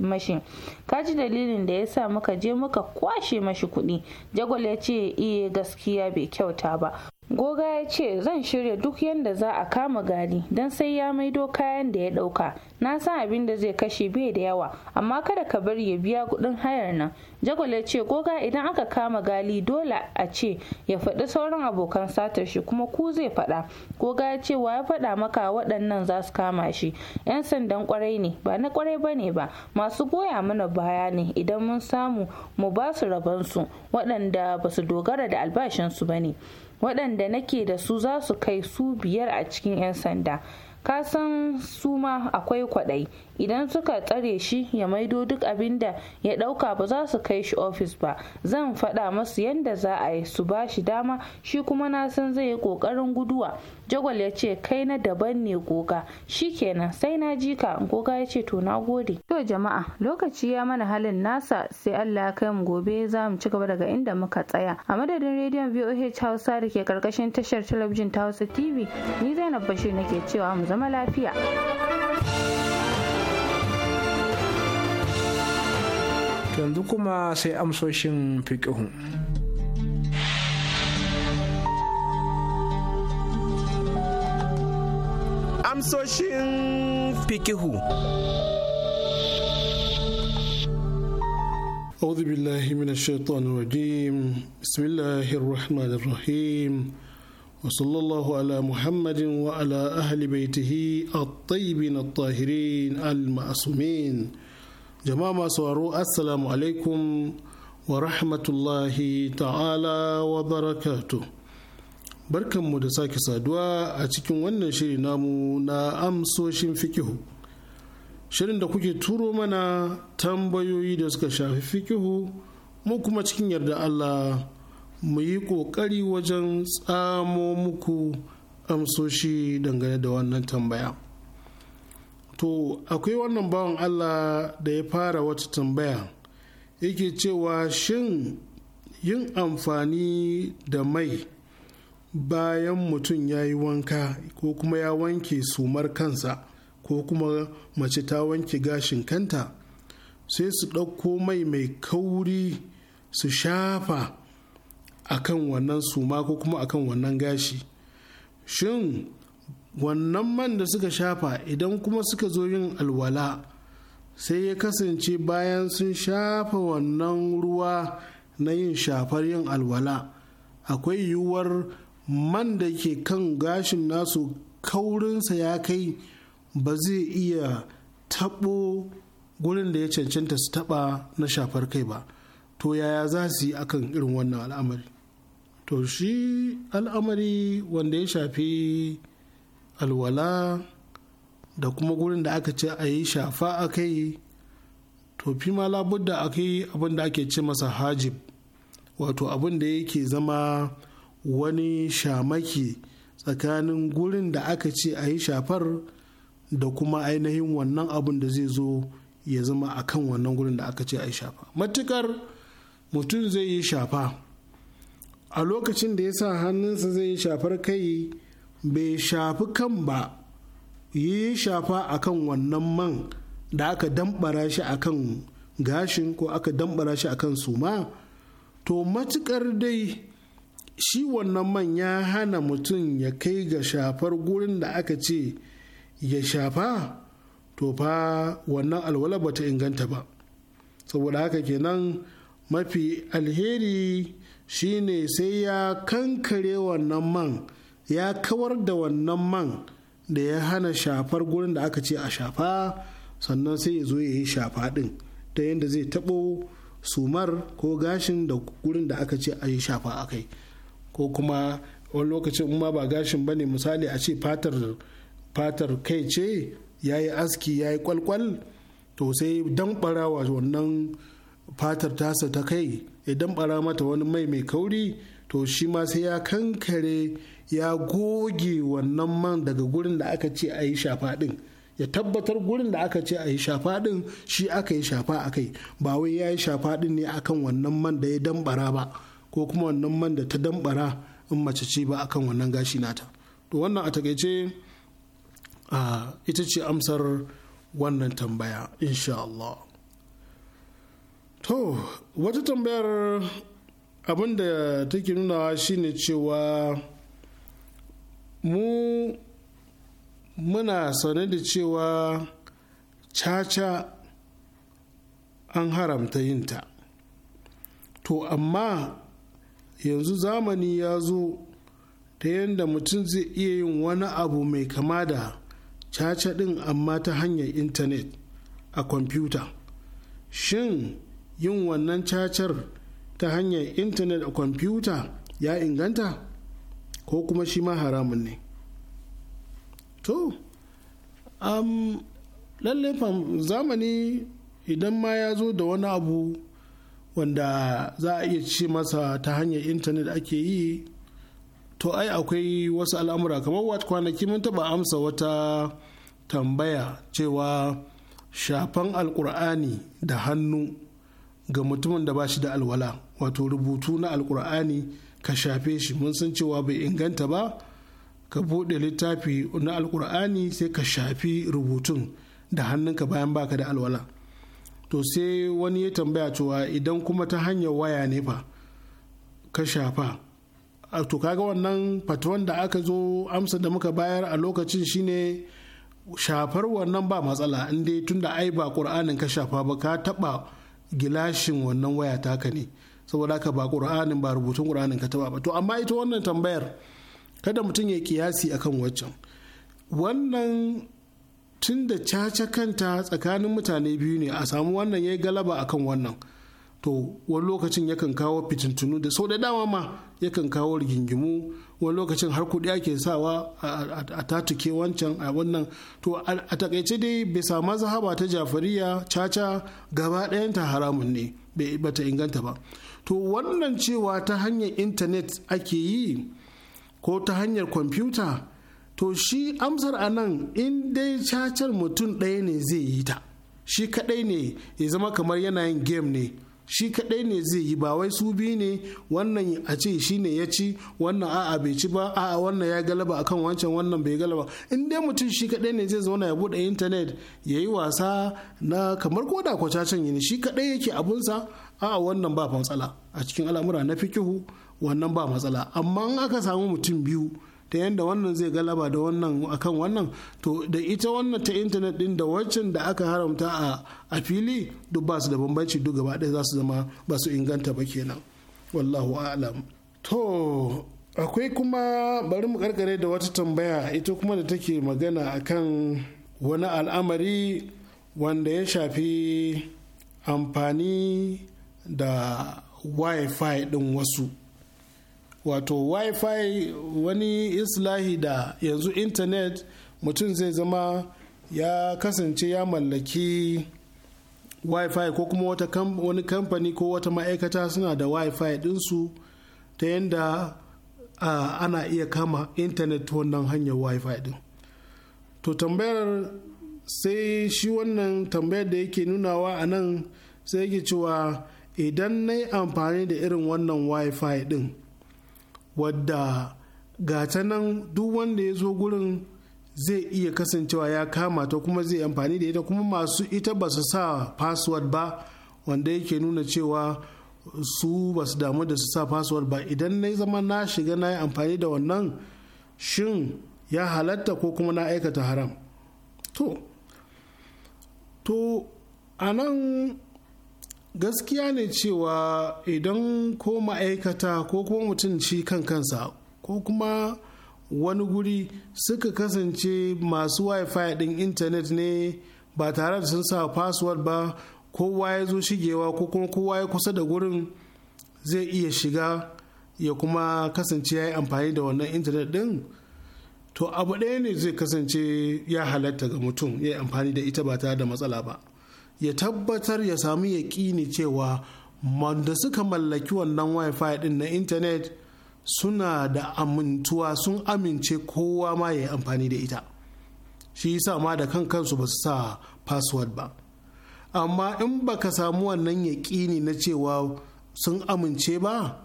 mashin kaji dalilin da ya sa muka je muka kwashe mashi kuɗi jagwal ya ce iya eh, gaskiya bai kyauta ba goga ya ce zan shirya duk yadda za a kama gari don sai ya maido kayan da ya ɗauka na san abin da zai kashe bai da yawa amma kada ka bari ya biya kuɗin hayar nan jagwale ce goga idan aka kama gali dole a ce ya faɗi sauran abokan satar shi kuma ku zai faɗa goga ya ce wa ya faɗa maka waɗannan za su kama shi yan sandan kwarai ne ba na kwarai ba ne ba masu goya mana baya ne idan mun samu mu ba su rabansu waɗanda ba su dogara da albashinsu ba ne waɗanda nake da su za su kai su biyar a cikin 'yan sanda ka san su ma akwai kwaɗayi idan suka tsare shi ya maido duk abin da ya ɗauka ba za su kai shi ofis ba zan faɗa masu yadda za a yi su ba shi dama shi kuma na san zai yi ƙoƙarin guduwa jagwal ya ce kai na daban ne goga shi kenan sai na ji ka goga ya ce to na gode to jama'a lokaci ya mana halin nasa sai Allah ya kai mu gobe za mu ci gaba daga inda muka tsaya a madadin rediyon VOH Hausa da ke karkashin tashar talabijin ta Hausa TV ni Zainab Bashir nake cewa mu zama lafiya yanzu kuma sai amsoshin fiƙihun. amsoshin fikihu. أعوذ بالله من الشيطان الرجيم بسم الله الرحمن الرحيم وصلى الله على محمد وعلى أهل بيته الطيبين الطاهرين المعصومين جماعة سوارو السلام عليكم ورحمة الله تعالى وبركاته barkanmu da sake saduwa a cikin wannan shiri namu na amsoshin fikihu shirin da kuke turo mana tambayoyi da suka shafi fikihu mu kuma cikin yarda Allah mu yi ƙoƙari wajen tsamo muku amsoshi dangane da wannan tambaya to akwai wannan bawan Allah da ya fara wata tambaya yake cewa shin yin amfani da mai bayan mutum ya yi wanka ko kuma ya wanke sumar kansa ko kuma mace ta wanke gashin kanta sai su ɗauko mai mai kauri su shafa akan wannan suma ko kuma akan wannan gashi shin wannan man da suka shafa idan kuma suka zo yin alwala sai ya kasance bayan sun shafa wannan ruwa na yin shafar yin alwala akwai yiwuwar man da ke kan gashin nasu kaurinsa ya kai ba zai iya taɓo gurin da ya cancanta su taɓa na shafar kai ba to yaya za su yi akan irin wannan al'amari to shi al'amari wanda ya shafi alwala da kuma gurin da aka ce a yi shafa a kai to fi ma labudda a kai abin da ake ce masa hajib wato abin da yake zama wani shamaki tsakanin gurin da aka ce a yi shafar da kuma ainihin wannan abun da zai zo ya zama a kan wannan gurin da aka ce a yi shafa matukar mutum zai yi shafa a lokacin da ya sa hannunsa zai yi shafar kai bai shafi kan ba yi shafa a kan wannan man da aka dambara shi a kan gashin ko aka dambara shi a kan suma to matukar dai shi wannan man ya hana mutum ya kai ga shafar gurin da aka ce ya shafa to fa wannan alwala bata inganta ba saboda haka kenan mafi alheri shine sai ya kankare wannan man ya kawar da wannan man da ya hana shafar gurin da aka ce a shafa sannan sai ya zo ya yi shafa din, ta yadda zai taɓo sumar ko gashin da gurin da aka ce a yi shafa a kai ko kuma wani lokacin in ma ba gashin ba ne misali a ce fatar kai ce ya yi aski ya yi kwalkwal to sai damɓara wa wannan fatar tasa ta kai ya damɓara mata wani mai mai kauri to shi ma sai ya kankare ya goge wannan man daga gurin da aka ce a yi shafa ɗin ya tabbatar gurin da aka ce a yi shafa ɗin shi aka yi shafa a kai ba wai ya yi shafa ɗin ne akan wannan man da ya dambara ba ko kuma wannan man da ta dambara in mace ce ba akan wannan gashi nata to wannan a takaice ita ce amsar wannan tambaya insha Allah to wata tambayar abin da take nunawa shine cewa mu muna sane da cewa caca an haramta yinta to amma yanzu zamani ya zo ta yadda mutum zai iya yin wani abu mai kama da caca ɗin amma ta hanyar intanet a kwamfuta shin yin wannan cacar ta hanyar intanet a kwamfuta ya inganta ko kuma shi ma haramun ne to um, zamani idan ma ya zo da wani abu wanda za a iya ce masa ta hanyar intanet ake yi to ai akwai wasu al'amura kamar wata kwanaki mun taba amsa wata tambaya cewa shafan alkur'ani da hannu ga mutumin da ba shi da alwala wato rubutu na alkur'ani ka shafe shi mun san cewa bai inganta ba ka buɗe littafi na alkur'ani sai ka shafi rubutun da hannunka bayan baka da alwala to sai wani ya tambaya cewa idan kuma ta hanyar waya ne fa ka shafa to kaga wannan fatuwan da aka zo amsa da muka bayar a lokacin shine shafar wannan ba matsala inda dai tunda ai ba ƙur'anin ka shafa ba ka taba gilashin wannan waya taka ne saboda ka ba ƙur'anin ba rubutun ƙur'anin ka taba ba to amma ita wannan tambayar kada mutum ya kiyasi akan waccan wannan tun da caca kanta tsakanin mutane biyu ne a samu wannan ya yi galaba akan wannan to wani lokacin yakan kawo fitintunu da sau da dama ma yakan kawo rigingimu wani lokacin har kuɗi ake sawa a tatuke wancan a wannan to a takaice dai bisa mazhaba ta jafariya caca gaba ta haramun ne ta inganta ba to wannan cewa ta hanyar intanet ake yi ko ta hanyar kwamfuta to shi amsar a nan in dai cacar mutum ɗaya ne zai yi ta shi kaɗai ne ya zama kamar yana yin game ne shi kaɗai ne zai yi ba wai su biyu ne wannan a ce shi ne ya ci wannan a'a bai ci ba a'a wannan ya galaba akan wancan wannan bai galaba in dai mutum shi kaɗai ne zai zauna ya buɗe intanet ya yi wasa na kamar koda kwacacen ne shi kaɗai yake abunsa a'a wannan ba matsala a cikin al'amura na fikihu wannan ba matsala amma in aka samu mutum biyu ta yadda wannan zai galaba da wannan akan wannan to da ita wannan ta intanet din da waccan da aka haramta a a fili duk basu da bambanci duk gaba ɗaya za su zama ba su inganta ba kenan wallahu a'lam to akwai kuma bari mu karkare da wata tambaya ita kuma da take magana akan wani al'amari wanda ya shafi amfani da wi-fi ɗin wasu wato wifi wani islahi da yanzu intanet mutum zai zama ya kasance ya mallaki wifi ko kuma wani kamfani ko wata ma'aikata suna da wifi dinsu ta yadda uh, ana iya kama intanet wannan hanyar wifi din to tambayar sai shi wannan tambayar da yake nunawa a nan sai yake cewa idan na yi amfani da irin wannan wifi din wadda ta nan duk wanda ya zo gurin zai iya kasancewa ya kama ta kuma zai amfani da ita kuma masu ita ba su sa password ba wanda yake nuna cewa su ba su damu da su sa password ba idan na zama na shiga na yi amfani da wannan shin ya halatta ko kuma na aikata haram to to a nan gaskiya ne cewa idan ko ma'aikata ko kuma mutum shi kan kansa ko kuma wani guri suka kasance masu wifi din intanet ne ba tare da sun sa password ba kowa ya zo shigewa ko kuma kowa ya kusa da gurin zai iya shiga ya kuma kasance ya yi amfani da wannan intanet din to abu ɗaya ne zai kasance ya halatta ga mutum ya yi amfani da ita ba tare da matsala ba ya tabbatar ya samu yaƙini cewa wanda suka mallaki wannan wifi din na intanet suna da amintuwa sun amince kowa ma ya yi amfani da ita shi yasa ma da kan kansu ba su sa password ba amma in baka samu wannan yaƙini na cewa sun amince ba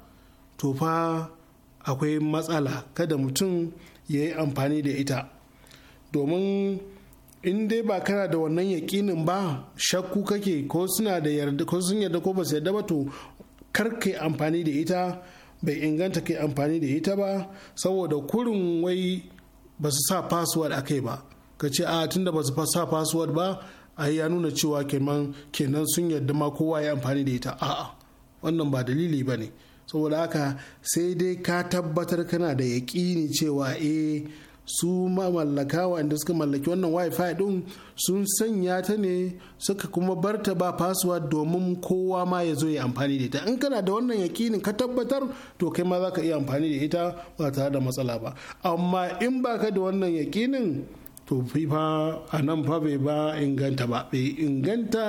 to fa akwai matsala kada mutum ya yi amfani da ita domin in dai ba kana da wannan yaƙinin ba shakku kake ko suna da yarda ko sun yarda ko ba su yarda ba to kar kai amfani da ita bai inganta kai amfani da ita ba saboda kurin wai ba su sa password a kai ba ka ce a ah, tunda ba su sa password ba a ya nuna cewa kenan kenan sun yarda ma kowa ya amfani da ita a'a wannan ba dalili bane saboda haka sai dai ka tabbatar kana da yaƙini cewa eh su mallaka wanda suka mallaki wannan wifi din sun sanya ta ne suka kuma barta ba password domin kowa ma ya zo ya amfani da ita in kana da wannan yakinin ka tabbatar to kai ma za ka iya amfani da ita ba tare da matsala ba amma in baka da wannan yakinin to fifa a nan fa bai ba inganta ba bai inganta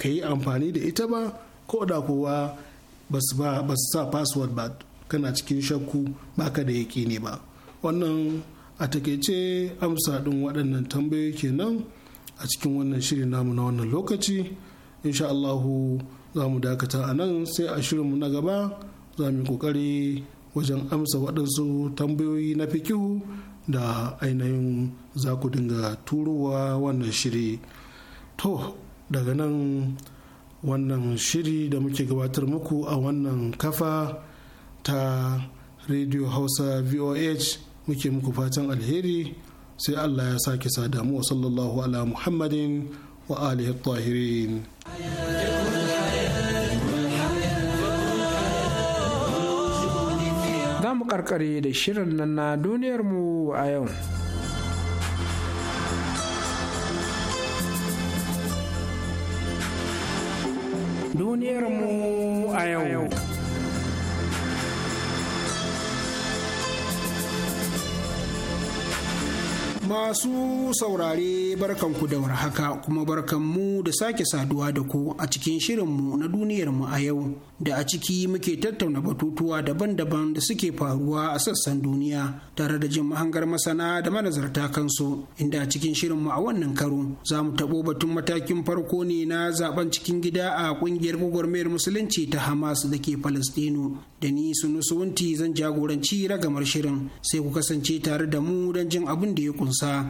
ka yi amfani da ita ba ko da kowa ba su sa password ba kana cikin shakku baka da yakini ba wannan a takaice amsa ɗin waɗannan tambayoyi kenan a cikin wannan shirin namu na wannan lokaci insha Allahu za mu dakata a nan sai a shirinmu na gaba za mu yi kokari wajen amsa waɗansu tambayoyi na fikihu da ainihin za ku dinga turowa wannan shiri to daga nan wannan shiri da muke gabatar muku a wannan kafa ta radio hausa voh muke muku fatan alheri sai Allah ya sake sada mu wa sallallahu ala Muhammadin wa alihi tahirin. Za mu karkare da shirin nan na duniyarmu a yau. Duniyarmu a yau. masu saurare barkanku da haka kuma barkan mu da sake saduwa da ku a cikin shirinmu na duniyarmu a yau da a ciki muke tattauna batutuwa daban-daban da suke faruwa a sassan duniya tare da jin mahangar masana da manazarta kansu inda a cikin shirin mu a wannan karo za mu taɓo batun matakin farko ne na zaben cikin gida a ƙungiyar gwagwarmayar musulunci ta hamas da ke palestino da ni wunti zan jagoranci ragamar shirin sai ku kasance tare da mu don jin abin da ya kunsa.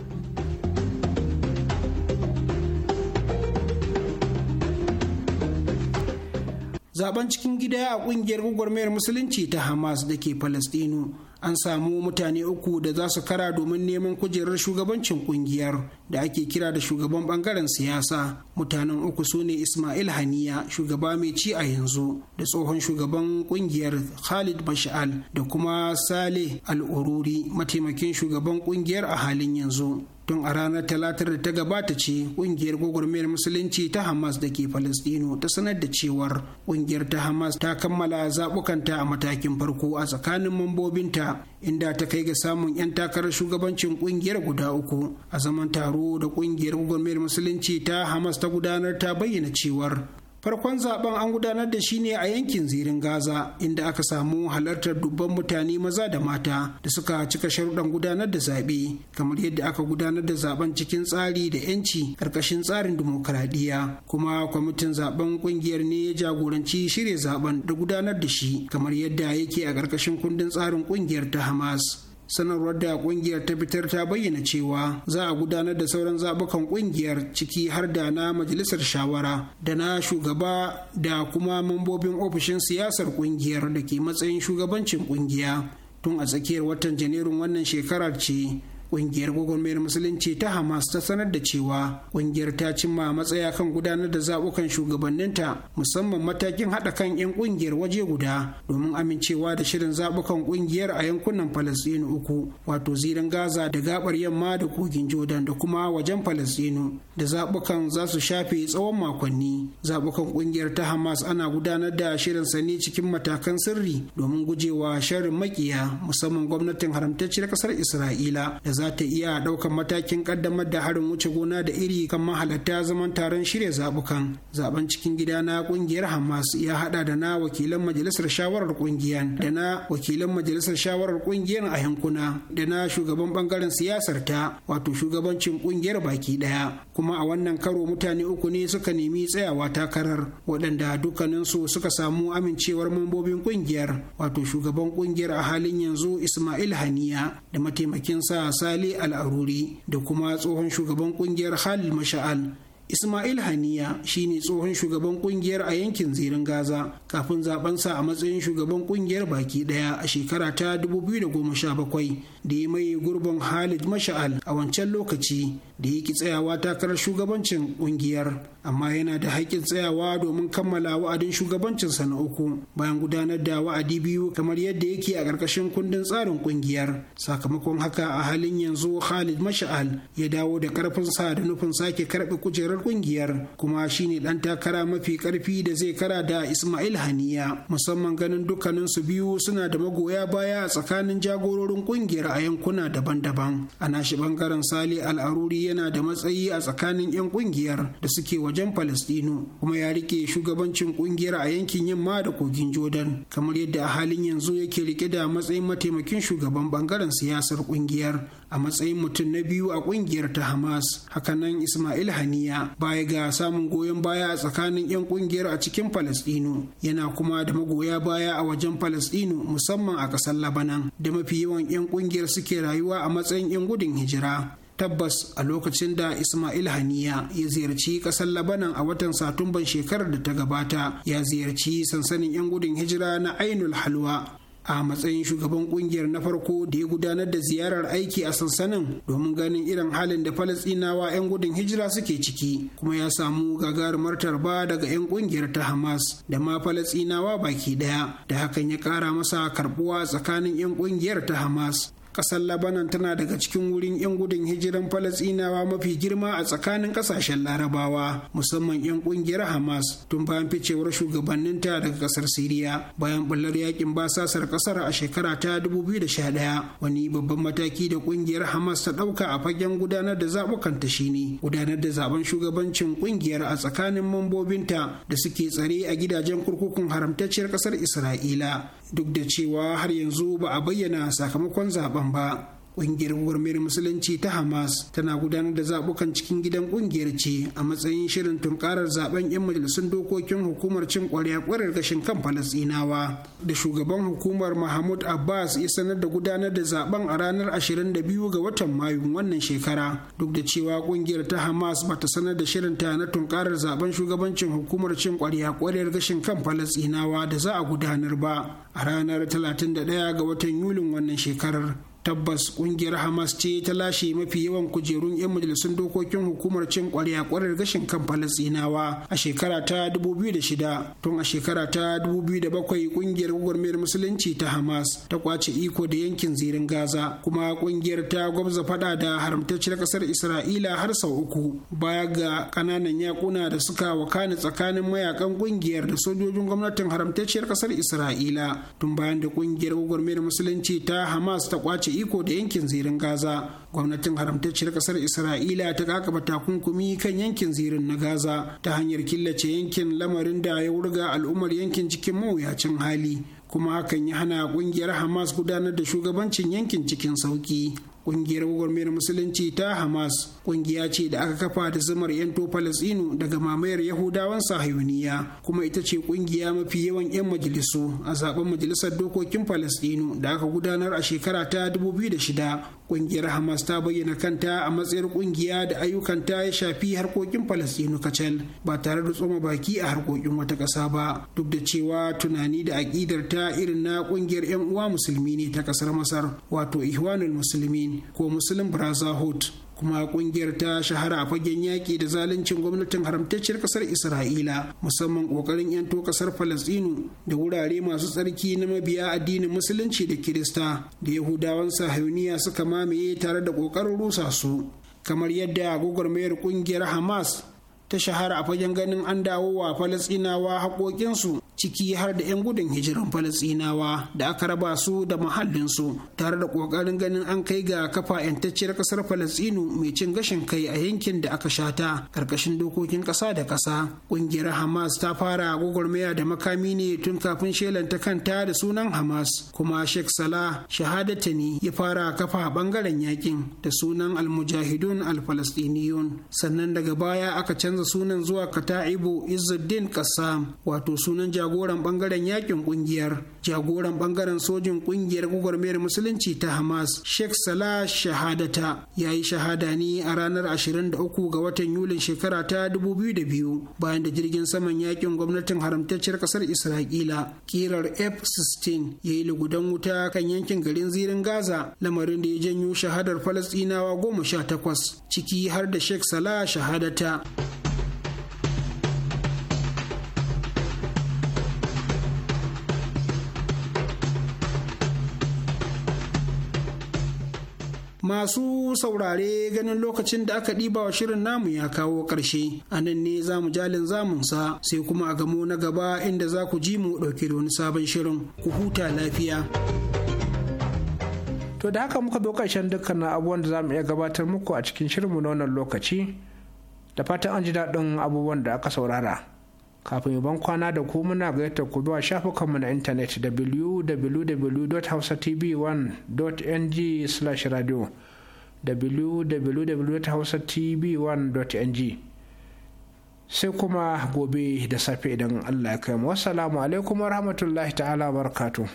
zaben cikin gida a kungiyar gwagwarmayar musulunci ta hamas da ke palestino an samu mutane uku da za su kara domin neman kujerar shugabancin kungiyar da ake kira da shugaban bangaren siyasa mutanen uku su ne ismail haniya shugaba mai ci a yanzu da tsohon shugaban kungiyar khalid bashal da kuma saleh al'ururi mataimakin shugaban kungiyar a halin yanzu tun a ranar talatar da ta gabata ce kungiyar gwagwarmayar musulunci ta hamas da ke falastino ta sanar da cewar kungiyar ta hamas ta kammala zaɓukanta a matakin farko a tsakanin mambobinta inda ta kai ga samun 'yan takarar shugabancin kungiyar guda uku a zaman taro da kungiyar gwagwarmayar musulunci ta hamas ta gudanar ta bayyana cewar farkon zaben an gudanar da shi ne a yankin zirin gaza inda aka samu halartar dubban mutane maza da mata da suka cika sharuɗan gudanar da zaɓe kamar yadda aka gudanar da zaben cikin tsari da yanci ƙarƙashin tsarin dimokuraɗiyya kuma kwamitin zaben ƙungiyar ne ya jagoranci shirya zaben da gudanar da shi kamar yadda yake a ƙarƙashin kundin tsarin ƙungiyar ta hamas sanarwar da kungiyar ta fitar ta bayyana cewa za a gudanar da sauran zabukan kungiyar ciki har da na majalisar shawara da na shugaba da kuma mambobin ofishin siyasar kungiyar da ke matsayin shugabancin kungiya tun a tsakiyar watan janairun wannan shekarar ce kungiyar gwagwarmayar musulunci ta hamas ta sanar da cewa kungiyar ta cimma matsaya kan gudanar da zabukan shugabanninta musamman matakin haɗa kan 'yan kungiyar waje guda domin amincewa da shirin zabukan kungiyar a yankunan falastinu uku wato zirin gaza da gabar yamma da kogin jordan da kuma wajen falastinu da zabukan za su shafe tsawon makonni zabukan kungiyar ta hamas ana gudanar da shirin sani cikin matakan sirri domin gujewa sharrin makiya musamman gwamnatin haramtacciyar ƙasar isra'ila da za ta iya ɗaukar matakin ƙaddamar da harin wuce gona da iri kan mahalatta zaman taron shirya zaɓukan zaben cikin gida na ƙungiyar hamas ya haɗa da na wakilan majalisar shawarar ƙungiyar da na wakilan majalisar shawarar ƙungiyar a yankuna da na shugaban ɓangaren siyasar ta wato shugabancin ƙungiyar baki ɗaya kuma a wannan karo mutane uku ne suka nemi tsayawa takarar waɗanda dukkaninsu suka samu amincewar mambobin ƙungiyar wato shugaban ƙungiyar a halin yanzu ismail haniya da mataimakin mataimakinsa Sale al'aruri da kuma tsohon shugaban kungiyar Hal Masha'al Ismail Haniya ne tsohon shugaban kungiyar a yankin zirin Gaza kafin zabensa a matsayin shugaban kungiyar baki daya a shekara ta 2017 da ya maye gurbin Khalid Masha'al a wancan lokaci da yake tsayawa takarar shugabancin kungiyar amma yana da haƙƙin tsayawa domin kammala wa'adin shugabancinsa na uku bayan gudanar da wa'adi biyu kamar yadda yake a ƙarƙashin kundin tsarin kungiyar sakamakon haka a halin yanzu Khalid Masha'al ya dawo da ƙarfinsa da nufin sake karɓe kujerar kungiyar kuma shine dan takara mafi karfi da zai kara da Ismail Haniya musamman ganin dukkanin su biyu suna da magoya baya a tsakanin jagororin kungiyar a yankuna daban-daban a shi bangaren Sale Al-Aruri yana da matsayi a tsakanin yan kungiyar da suke wajen Palestino kuma ya rike shugabancin kungiyar a yankin yamma da kogin Jordan kamar yadda a halin yanzu yake rike da matsayin mataimakin shugaban bangaren siyasar kungiyar a matsayin mutum na biyu a kungiyar ta Hamas hakanan Ismail Haniya baya ga samun goyon baya a tsakanin 'yan kungiyar a cikin Falasɗinu yana kuma da magoya baya a wajen Falasɗinu musamman a ƙasar Labanan da mafi yawan 'yan kungiyar suke rayuwa a matsayin 'yan gudun hijira. tabbas a lokacin da Ismail Haniya ya ziyarci ƙasar Labanan a watan Satumban shekarar da ta gabata ya ziyarci sansanin 'yan gudun hijira na Ainul Halwa a matsayin shugaban kungiyar na farko da ya gudanar da ziyarar aiki a sansanin domin ganin irin halin da falasinawa 'yan gudun hijira suke ciki kuma ya samu gagarumar tarba daga 'yan kungiyar ta hamas da ma falasinawa baki daya da hakan ya kara masa karbuwa tsakanin 'yan kungiyar ta hamas Ƙasar labanan tana daga cikin wurin 'yan gudun hijiran falasinawa mafi girma a tsakanin ƙasashen larabawa musamman 'yan ƙungiyar hamas tun bayan ficewar shugabanninta daga ƙasar siriya bayan bullar yakin basasar kasar a shekara ta 2011 wani babban mataki da ƙungiyar hamas ta ɗauka a fagen gudanar da zaɓukanta ta shine gudanar da zaben shugabancin ƙungiyar a tsakanin mambobinta da suke tsare a gidajen kurkukun haramtacciyar ƙasar isra'ila duk da cewa har yanzu ba a bayyana sakamakon zaben ba kungiyar gwarmiyar musulunci ta hamas tana gudanar da zabukan cikin gidan ƙungiyar ce a matsayin shirin tunkarar zaben yan majalisun dokokin hukumar cin kwarya kwarar gashin kan falasinawa da shugaban hukumar mahmud abbas ya sanar da gudanar da zaben a ranar 22 ga watan mayu wannan shekara duk da cewa ƙungiyar ta hamas bata sanar da shirin ta na tunkarar zaben shugabancin hukumar cin kwarya kwarar gashin kan falasinawa da za a gudanar ba a ranar 31 ga watan yulin wannan shekarar tabbas kungiyar hamas ce ta lashe mafi yawan kujerun 'yan majalisun dokokin hukumar cin kwarya kwarar gashin kan falastinawa a shekara ta 2006 tun a shekara ta 2007 kungiyar gwagwarmayar musulunci ta hamas ta kwace iko da yankin zirin gaza kuma kungiyar ta gwamza fada da haramtacciyar kasar isra'ila har sau uku baya ga kananan yakuna da suka wakana tsakanin mayakan kungiyar da sojojin gwamnatin haramtacciyar kasar isra'ila tun bayan da kungiyar gwagwarmayar musulunci ta hamas ta kwace kwace iko da yankin zirin Gaza. Gwamnatin haramtacciyar kasar Isra'ila ta kakaba takunkumi kan yankin zirin na Gaza ta hanyar killace yankin lamarin da ya wurga al'ummar yankin cikin mawuyacin hali. kuma hakan ya hana kungiyar hamas gudanar da shugabancin yankin cikin sauki kungiyar gwagwarmayar musulunci ta hamas kungiya ce da aka kafa da zamar yanto Falasɗinu daga mamayar yahudawan sahayuniya kuma ita ce kungiya mafi yawan 'yan majalisu a zaben majalisar dokokin Falasɗinu da aka gudanar a shekara ta 2006 kungiyar hamas ta bayyana kanta a matsayar kungiya da ayyukanta ya shafi harkokin falasɗinu kacal ba tare da tsoma baki a harkokin wata ƙasa ba duk da cewa tunani da aƙidar ta irin na kungiyar yan uwa musulmi ne ta ƙasar masar wato ihwanul musulmi. ko muslim brotherhood kuma kungiyar ta shahara a fagen yaƙi da zaluncin gwamnatin haramtacciyar ƙasar isra'ila musamman ƙoƙarin 'yanto ƙasar falasɗinu da wurare masu tsarki na mabiya addinin musulunci da kirista da yahudawan sahayuniya suka mamaye tare da ƙoƙarin rusa su kamar yadda gwagwarmayar ƙungiyar hamas ta shahara a fagen ganin an dawo wa falasinawa haƙoƙinsu ciki har da 'yan gudun hijiran falasinawa da aka raba su da muhallinsu tare da ƙoƙarin ganin an kai ga kafa 'yantacciyar ƙasar falasinu mai cin gashin kai a yankin da aka shata ƙarƙashin dokokin ƙasa da ƙasa ƙungiyar hamas ta fara gwagwarmaya da makami ne tun kafin shelan ta kanta da sunan hamas kuma sheikh salah shahadatani ya fara kafa ɓangaren yakin da sunan almujahidun alfalastiniyun sannan daga baya aka canza canza sunan zuwa Kata'ibu Izzuddin Kassam wato sunan jagoran bangaren yakin kungiyar jagoran bangaren sojin kungiyar gwagwarmayar musulunci ta Hamas Sheikh Salah Shahadata ya yi shahada ne a ranar 23 ga watan Yulin shekara ta 2002 bayan da jirgin saman yakin gwamnatin haramtacciyar kasar Isra'ila kirar F-16 ya yi lugudan wuta kan yankin garin zirin Gaza lamarin da ya janyo shahadar Falasɗinawa goma sha takwas ciki har da Sheikh Salah shahadata. masu saurare ganin lokacin da aka ɗiba wa shirin namu ya kawo ƙarshe a nan ne za mu jalin zamunsa sai kuma a gamo na gaba inda za ku ji mu ɗauke da wani sabon shirin ku huta lafiya. To da haka muka zo ƙarshen dukkan abubuwan da za mu iya gabatar muku a cikin shirinmu na wannan lokaci da fatan an ji daɗin abubuwan da aka saurara. kafin ban kwana da ku muna gaita ku zuwa shafukanmu na intanet www.hausatv1.ng/radio www.hausatv1.ng sai kuma gobe da safe idan Allah ya kai mu. Wassalamu alaikum rahmatullahi ta'ala barakatuh.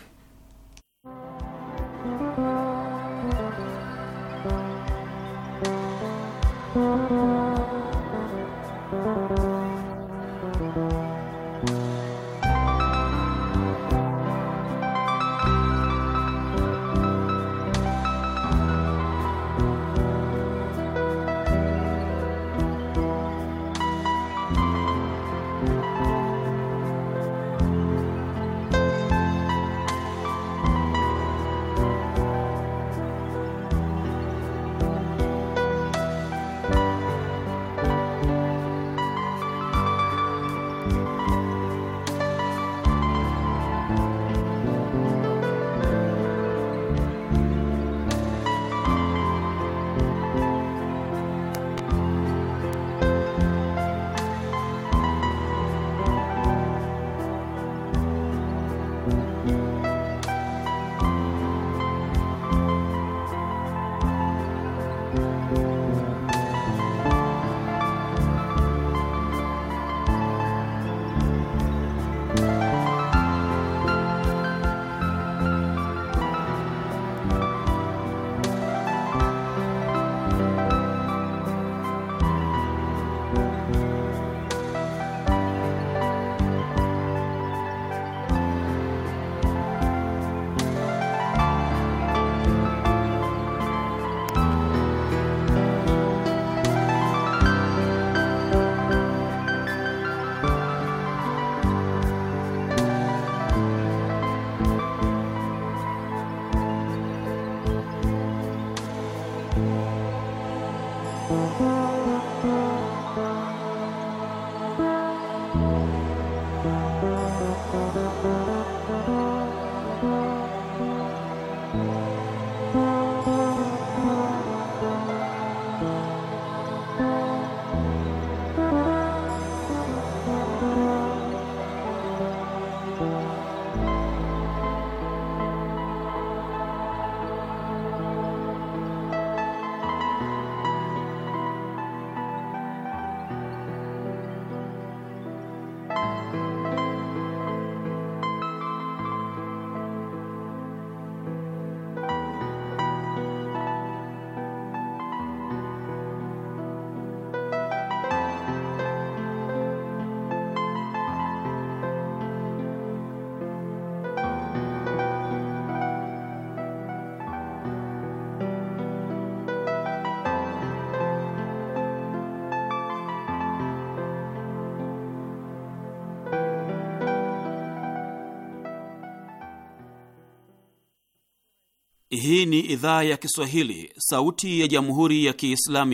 Hii ni idhaa ya Kiswahili, sauti ya jamhuri ya kiislamu